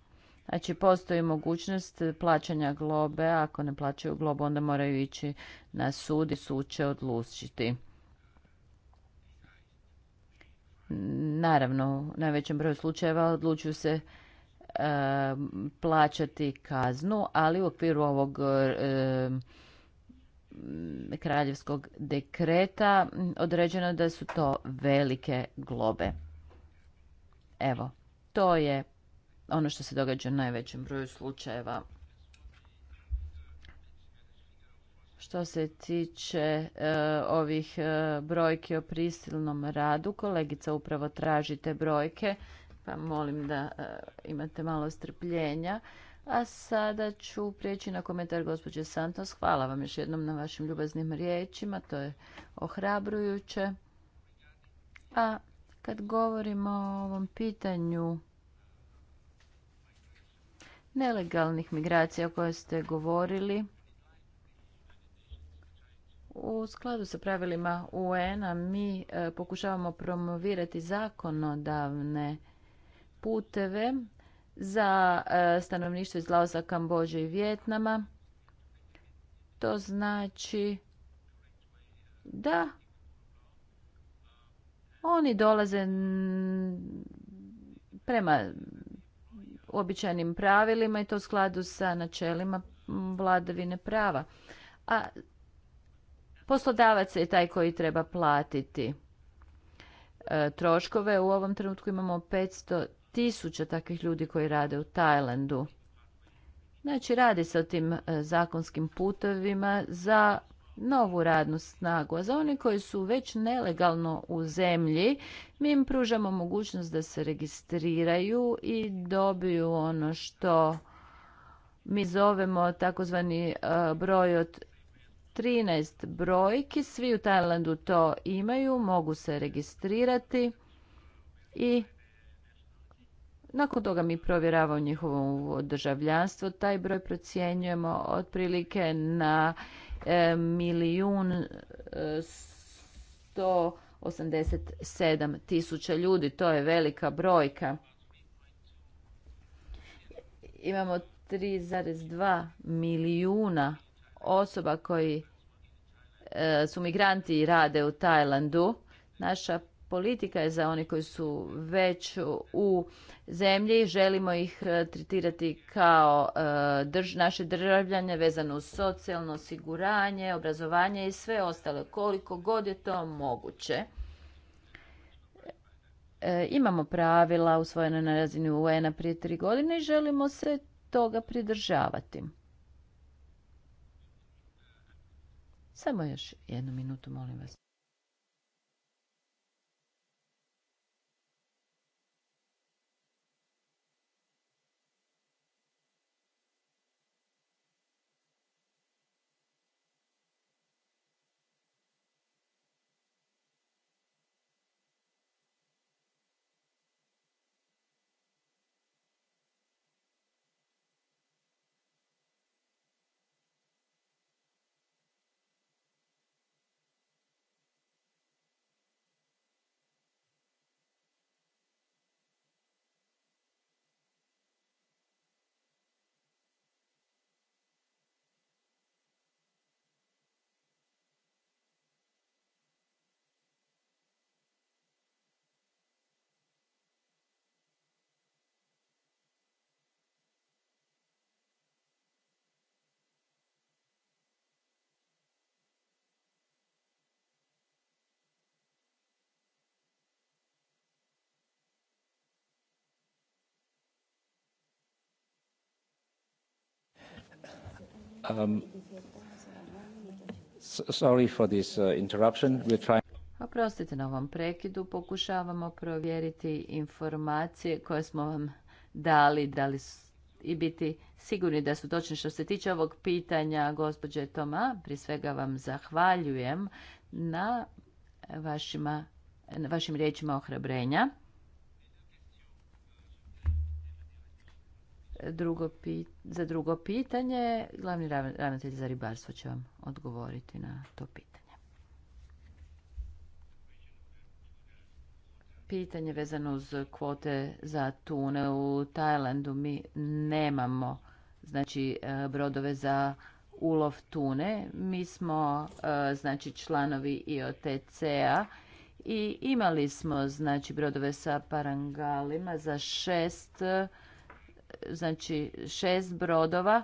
Znači, postoji mogućnost plaćanja globe. Ako ne plaćaju globu, onda moraju ići na sud i sud će odlučiti. Naravno, u najvećem broju slučajeva odlučuju se e, plaćati kaznu, ali u okviru ovog e, kraljevskog dekreta određeno da su to velike globe. Evo, to je ono što se događa u najvećem broju slučajeva. Što se tiče e, ovih e, brojki o prisilnom radu, kolegica upravo tražite brojke, pa molim da e, imate malo strpljenja. A sada ću prijeći na komentar gospođe Santos. Hvala vam još jednom na vašim ljubaznim riječima, to je ohrabrujuće. A kad govorimo o ovom pitanju nelegalnih migracija o kojoj ste govorili, u skladu sa pravilima UN-a mi e, pokušavamo promovirati zakonodavne puteve za e, stanovništvo iz Laosa, Kambođe i Vjetnama. To znači da oni dolaze prema običajnim pravilima i to u skladu sa načelima vladavine prava. A Poslodavac je taj koji treba platiti e, troškove. U ovom trenutku imamo 500 tisuća takvih ljudi koji rade u Tajlandu. Znači, radi se o tim e, zakonskim putovima za novu radnu snagu. A za oni koji su već nelegalno u zemlji, mi im pružamo mogućnost da se registriraju i dobiju ono što mi zovemo takozvani e, broj od 13 brojki, svi u Tajlandu to imaju, mogu se registrirati i nakon toga mi provjeravamo njihovo državljanstvo, taj broj procjenjujemo otprilike na e, milijun e, sto sedam tisuća ljudi, to je velika brojka. Imamo 3,2 milijuna osoba koji e, su migranti i rade u Tajlandu. Naša politika je za oni koji su već u zemlji. Želimo ih e, tretirati kao e, naše državljane vezano uz socijalno osiguranje, obrazovanje i sve ostalo koliko god je to moguće. imamo pravila usvojena na razini UN-a prije tri godine i želimo se toga pridržavati. Samo još jednu minutu, molim vas. Um, uh, Oprostite na ovom prekidu, pokušavamo provjeriti informacije koje smo vam dali, i biti sigurni da su točni. Što se tiče ovog pitanja, gospođe Toma, prije svega vam zahvaljujem na na vašim riječima ohrabrenja. drugo pit, za drugo pitanje. Glavni ravnatelj za ribarstvo će vam odgovoriti na to pitanje. Pitanje vezano uz kvote za tune u Tajlandu. Mi nemamo znači, e, brodove za ulov tune. Mi smo e, znači, članovi IOTC-a i imali smo znači, brodove sa parangalima za šest znači šest brodova,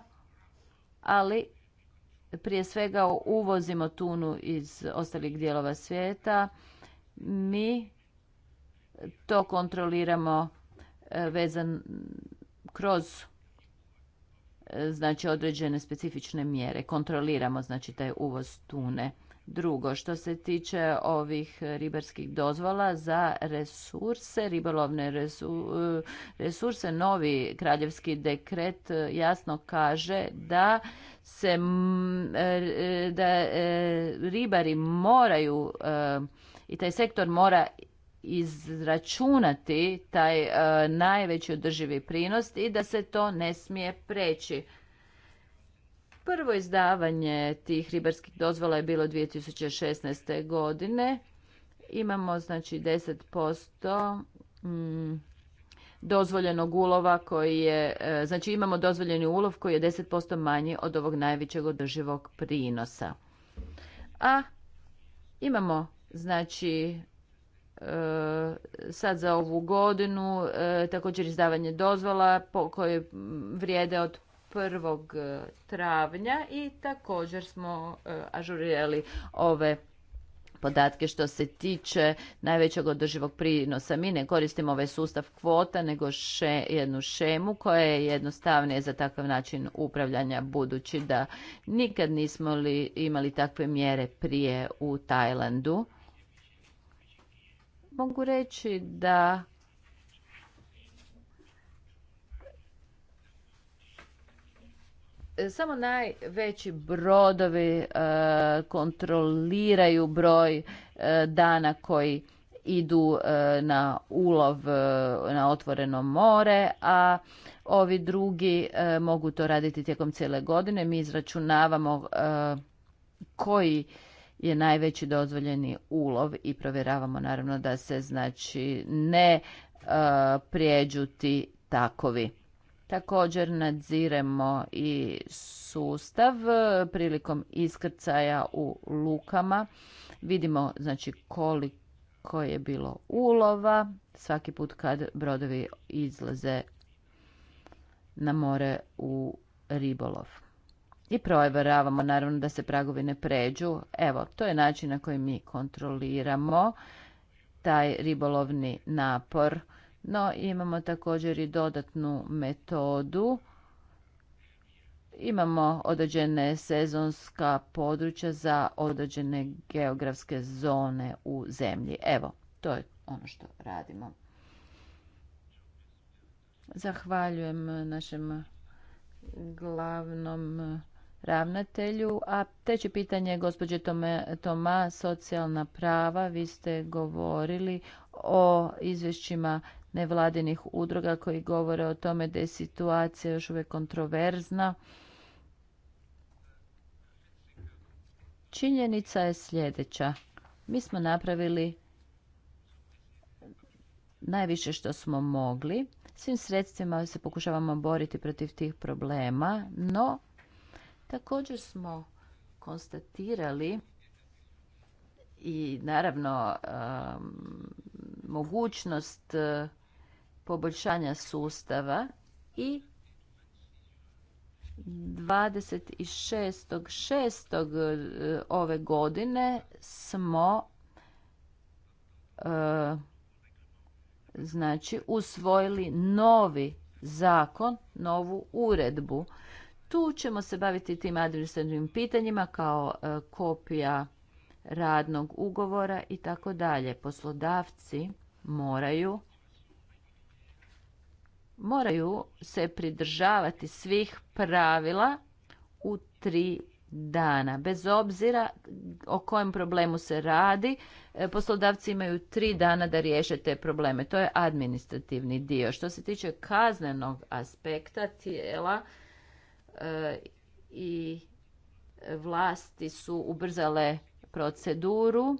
ali prije svega uvozimo tunu iz ostalih dijelova svijeta. Mi to kontroliramo e, vezan kroz e, znači određene specifične mjere. Kontroliramo znači taj uvoz tune. Drugo, što se tiče ovih ribarskih dozvola za resurse, ribolovne eh, resurse, novi kraljevski dekret eh, jasno kaže da se eh, da ribari moraju i taj sektor mora izračunati taj najveći održivi prinos i da se to ne smije preći. Prvo izdavanje tih ribarskih dozvola je bilo 2016. godine. Imamo znači 10% mm, dozvoljenog ulova koji je, e, znači imamo dozvoljeni ulov koji je 10% manji od ovog najvećeg održivog prinosa. A imamo znači e, sad za ovu godinu e, također izdavanje dozvola koje vrijede od 1. Eh, travnja i također smo eh, ažurirali ove podatke što se tiče najvećeg održivog prinosa. Mi ne koristimo ovaj sustav kvota, nego še, jednu šemu koja je jednostavnija za takav način upravljanja, budući da nikad nismo li imali takve mjere prije u Tajlandu. Mogu reći da E, samo najveći brodovi e, kontroliraju broj e, dana koji idu na ulov na otvoreno more, a ovi drugi mogu to raditi tijekom cijele godine. Mi izračunavamo koji je najveći dozvoljeni ulov i provjeravamo naravno da se znači ne prijeđu ti takovi. Također nadziremo i sustav e, prilikom iskrcaja u lukama. Vidimo znači koliko je bilo ulova svaki put kad brodovi izlaze na more u ribolov. I provjeravamo naravno da se pragovi ne pređu. Evo, to je način na koji mi kontroliramo taj ribolovni napor no, imamo također i dodatnu metodu. Imamo određene sezonska područja za određene geografske zone u zemlji. Evo, to je ono što radimo. Zahvaljujem našem glavnom ravnatelju. A teče pitanje gospođe Toma, socijalna prava. Vi ste govorili o izvješćima nevladinih udruga koji govore o tome da je situacija još uvijek kontroverzna. Činjenica je sljedeća. Mi smo napravili najviše što smo mogli. Svim sredstvima se pokušavamo boriti protiv tih problema, no također smo konstatirali i naravno um, mogućnost poboljšanja sustava i 26.6. Eh, ove godine smo eh, znači usvojili novi zakon, novu uredbu. Tu ćemo se baviti tim administrativnim pitanjima kao eh, kopija radnog ugovora i tako dalje. Poslodavci moraju moraju se pridržavati svih pravila u tri dana. Bez obzira o kojem problemu se radi, e, poslodavci imaju tri dana da riješe te probleme. To je administrativni dio. Što se tiče kaznenog aspekta tijela e, i vlasti su ubrzale proceduru.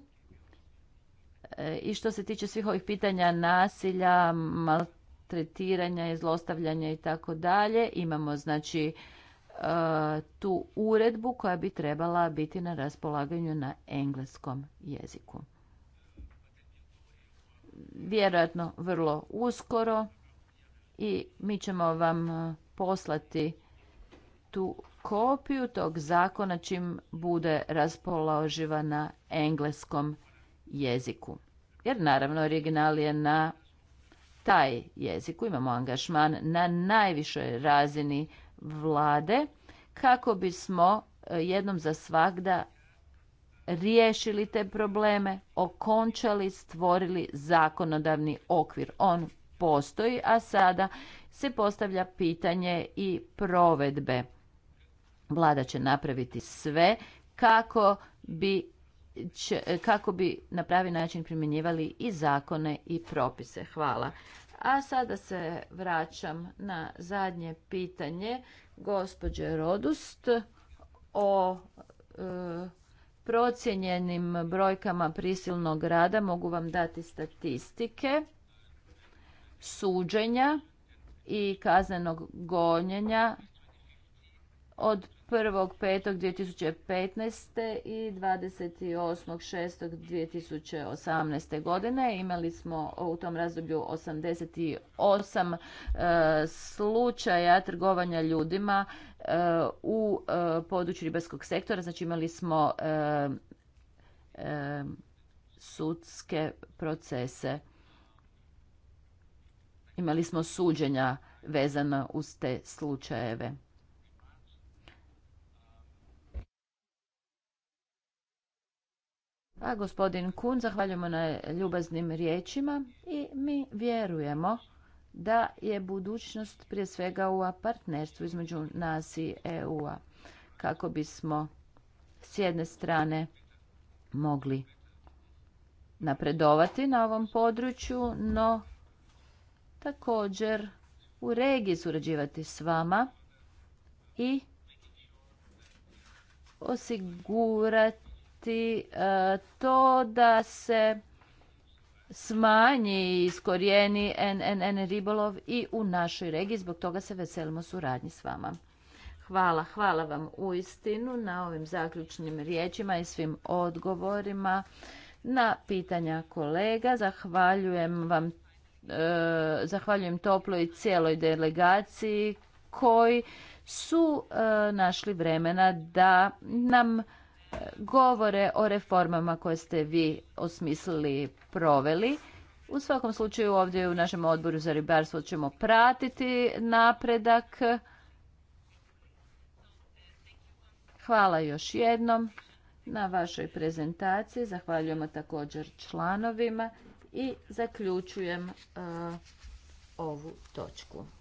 E, I što se tiče svih ovih pitanja nasilja, tretiranja i zlostavljanja i tako dalje. Imamo znači e, tu uredbu koja bi trebala biti na raspolaganju na engleskom jeziku. Vjerojatno vrlo uskoro i mi ćemo vam e, poslati tu kopiju tog zakona čim bude raspoloživa na engleskom jeziku. Jer naravno original je na taj jezik. Imamo angažman na najvišoj razini vlade kako bismo e, jednom za svakda riješili te probleme, okončali, stvorili zakonodavni okvir. On postoji, a sada se postavlja pitanje i provedbe. Vlada će napraviti sve kako bi E, kako bi na pravi način primjenjivali i zakone i propise. Hvala. A sada se vraćam na zadnje pitanje gospođe Rodust o procjenjenim procijenjenim brojkama prisilnog rada. Mogu vam dati statistike suđenja i kaznenog gonjenja od 1.5.2015. i 28.6.2018. godine imali smo u tom razdoblju 88 e, slučaja trgovanja ljudima e, u e, području ribarskog sektora. Znači imali smo sudske procese. Imali smo suđenja vezana uz te slučajeve. A gospodin Kun, zahvaljujemo na ljubaznim riječima i mi vjerujemo da je budućnost prije svega u partnerstvu između nas i EU-a kako bismo s jedne strane mogli napredovati na ovom području, no također u regiji surađivati s vama i osigurati biti e, to da se smanji i iskorijeni NNN ribolov i u našoj regiji. Zbog toga se veselimo suradnji s vama. Hvala, hvala vam u istinu na ovim zaključnim riječima i svim odgovorima na pitanja kolega. Zahvaljujem vam e, zahvaljujem toplo i cijeloj delegaciji koji su e, našli vremena da nam govore o reformama koje ste vi osmislili i proveli. U svakom slučaju ovdje u našem odboru za ribarstvo ćemo pratiti napredak. Hvala još jednom na vašoj prezentaciji. Zahvaljujemo također članovima i zaključujem e, ovu točku.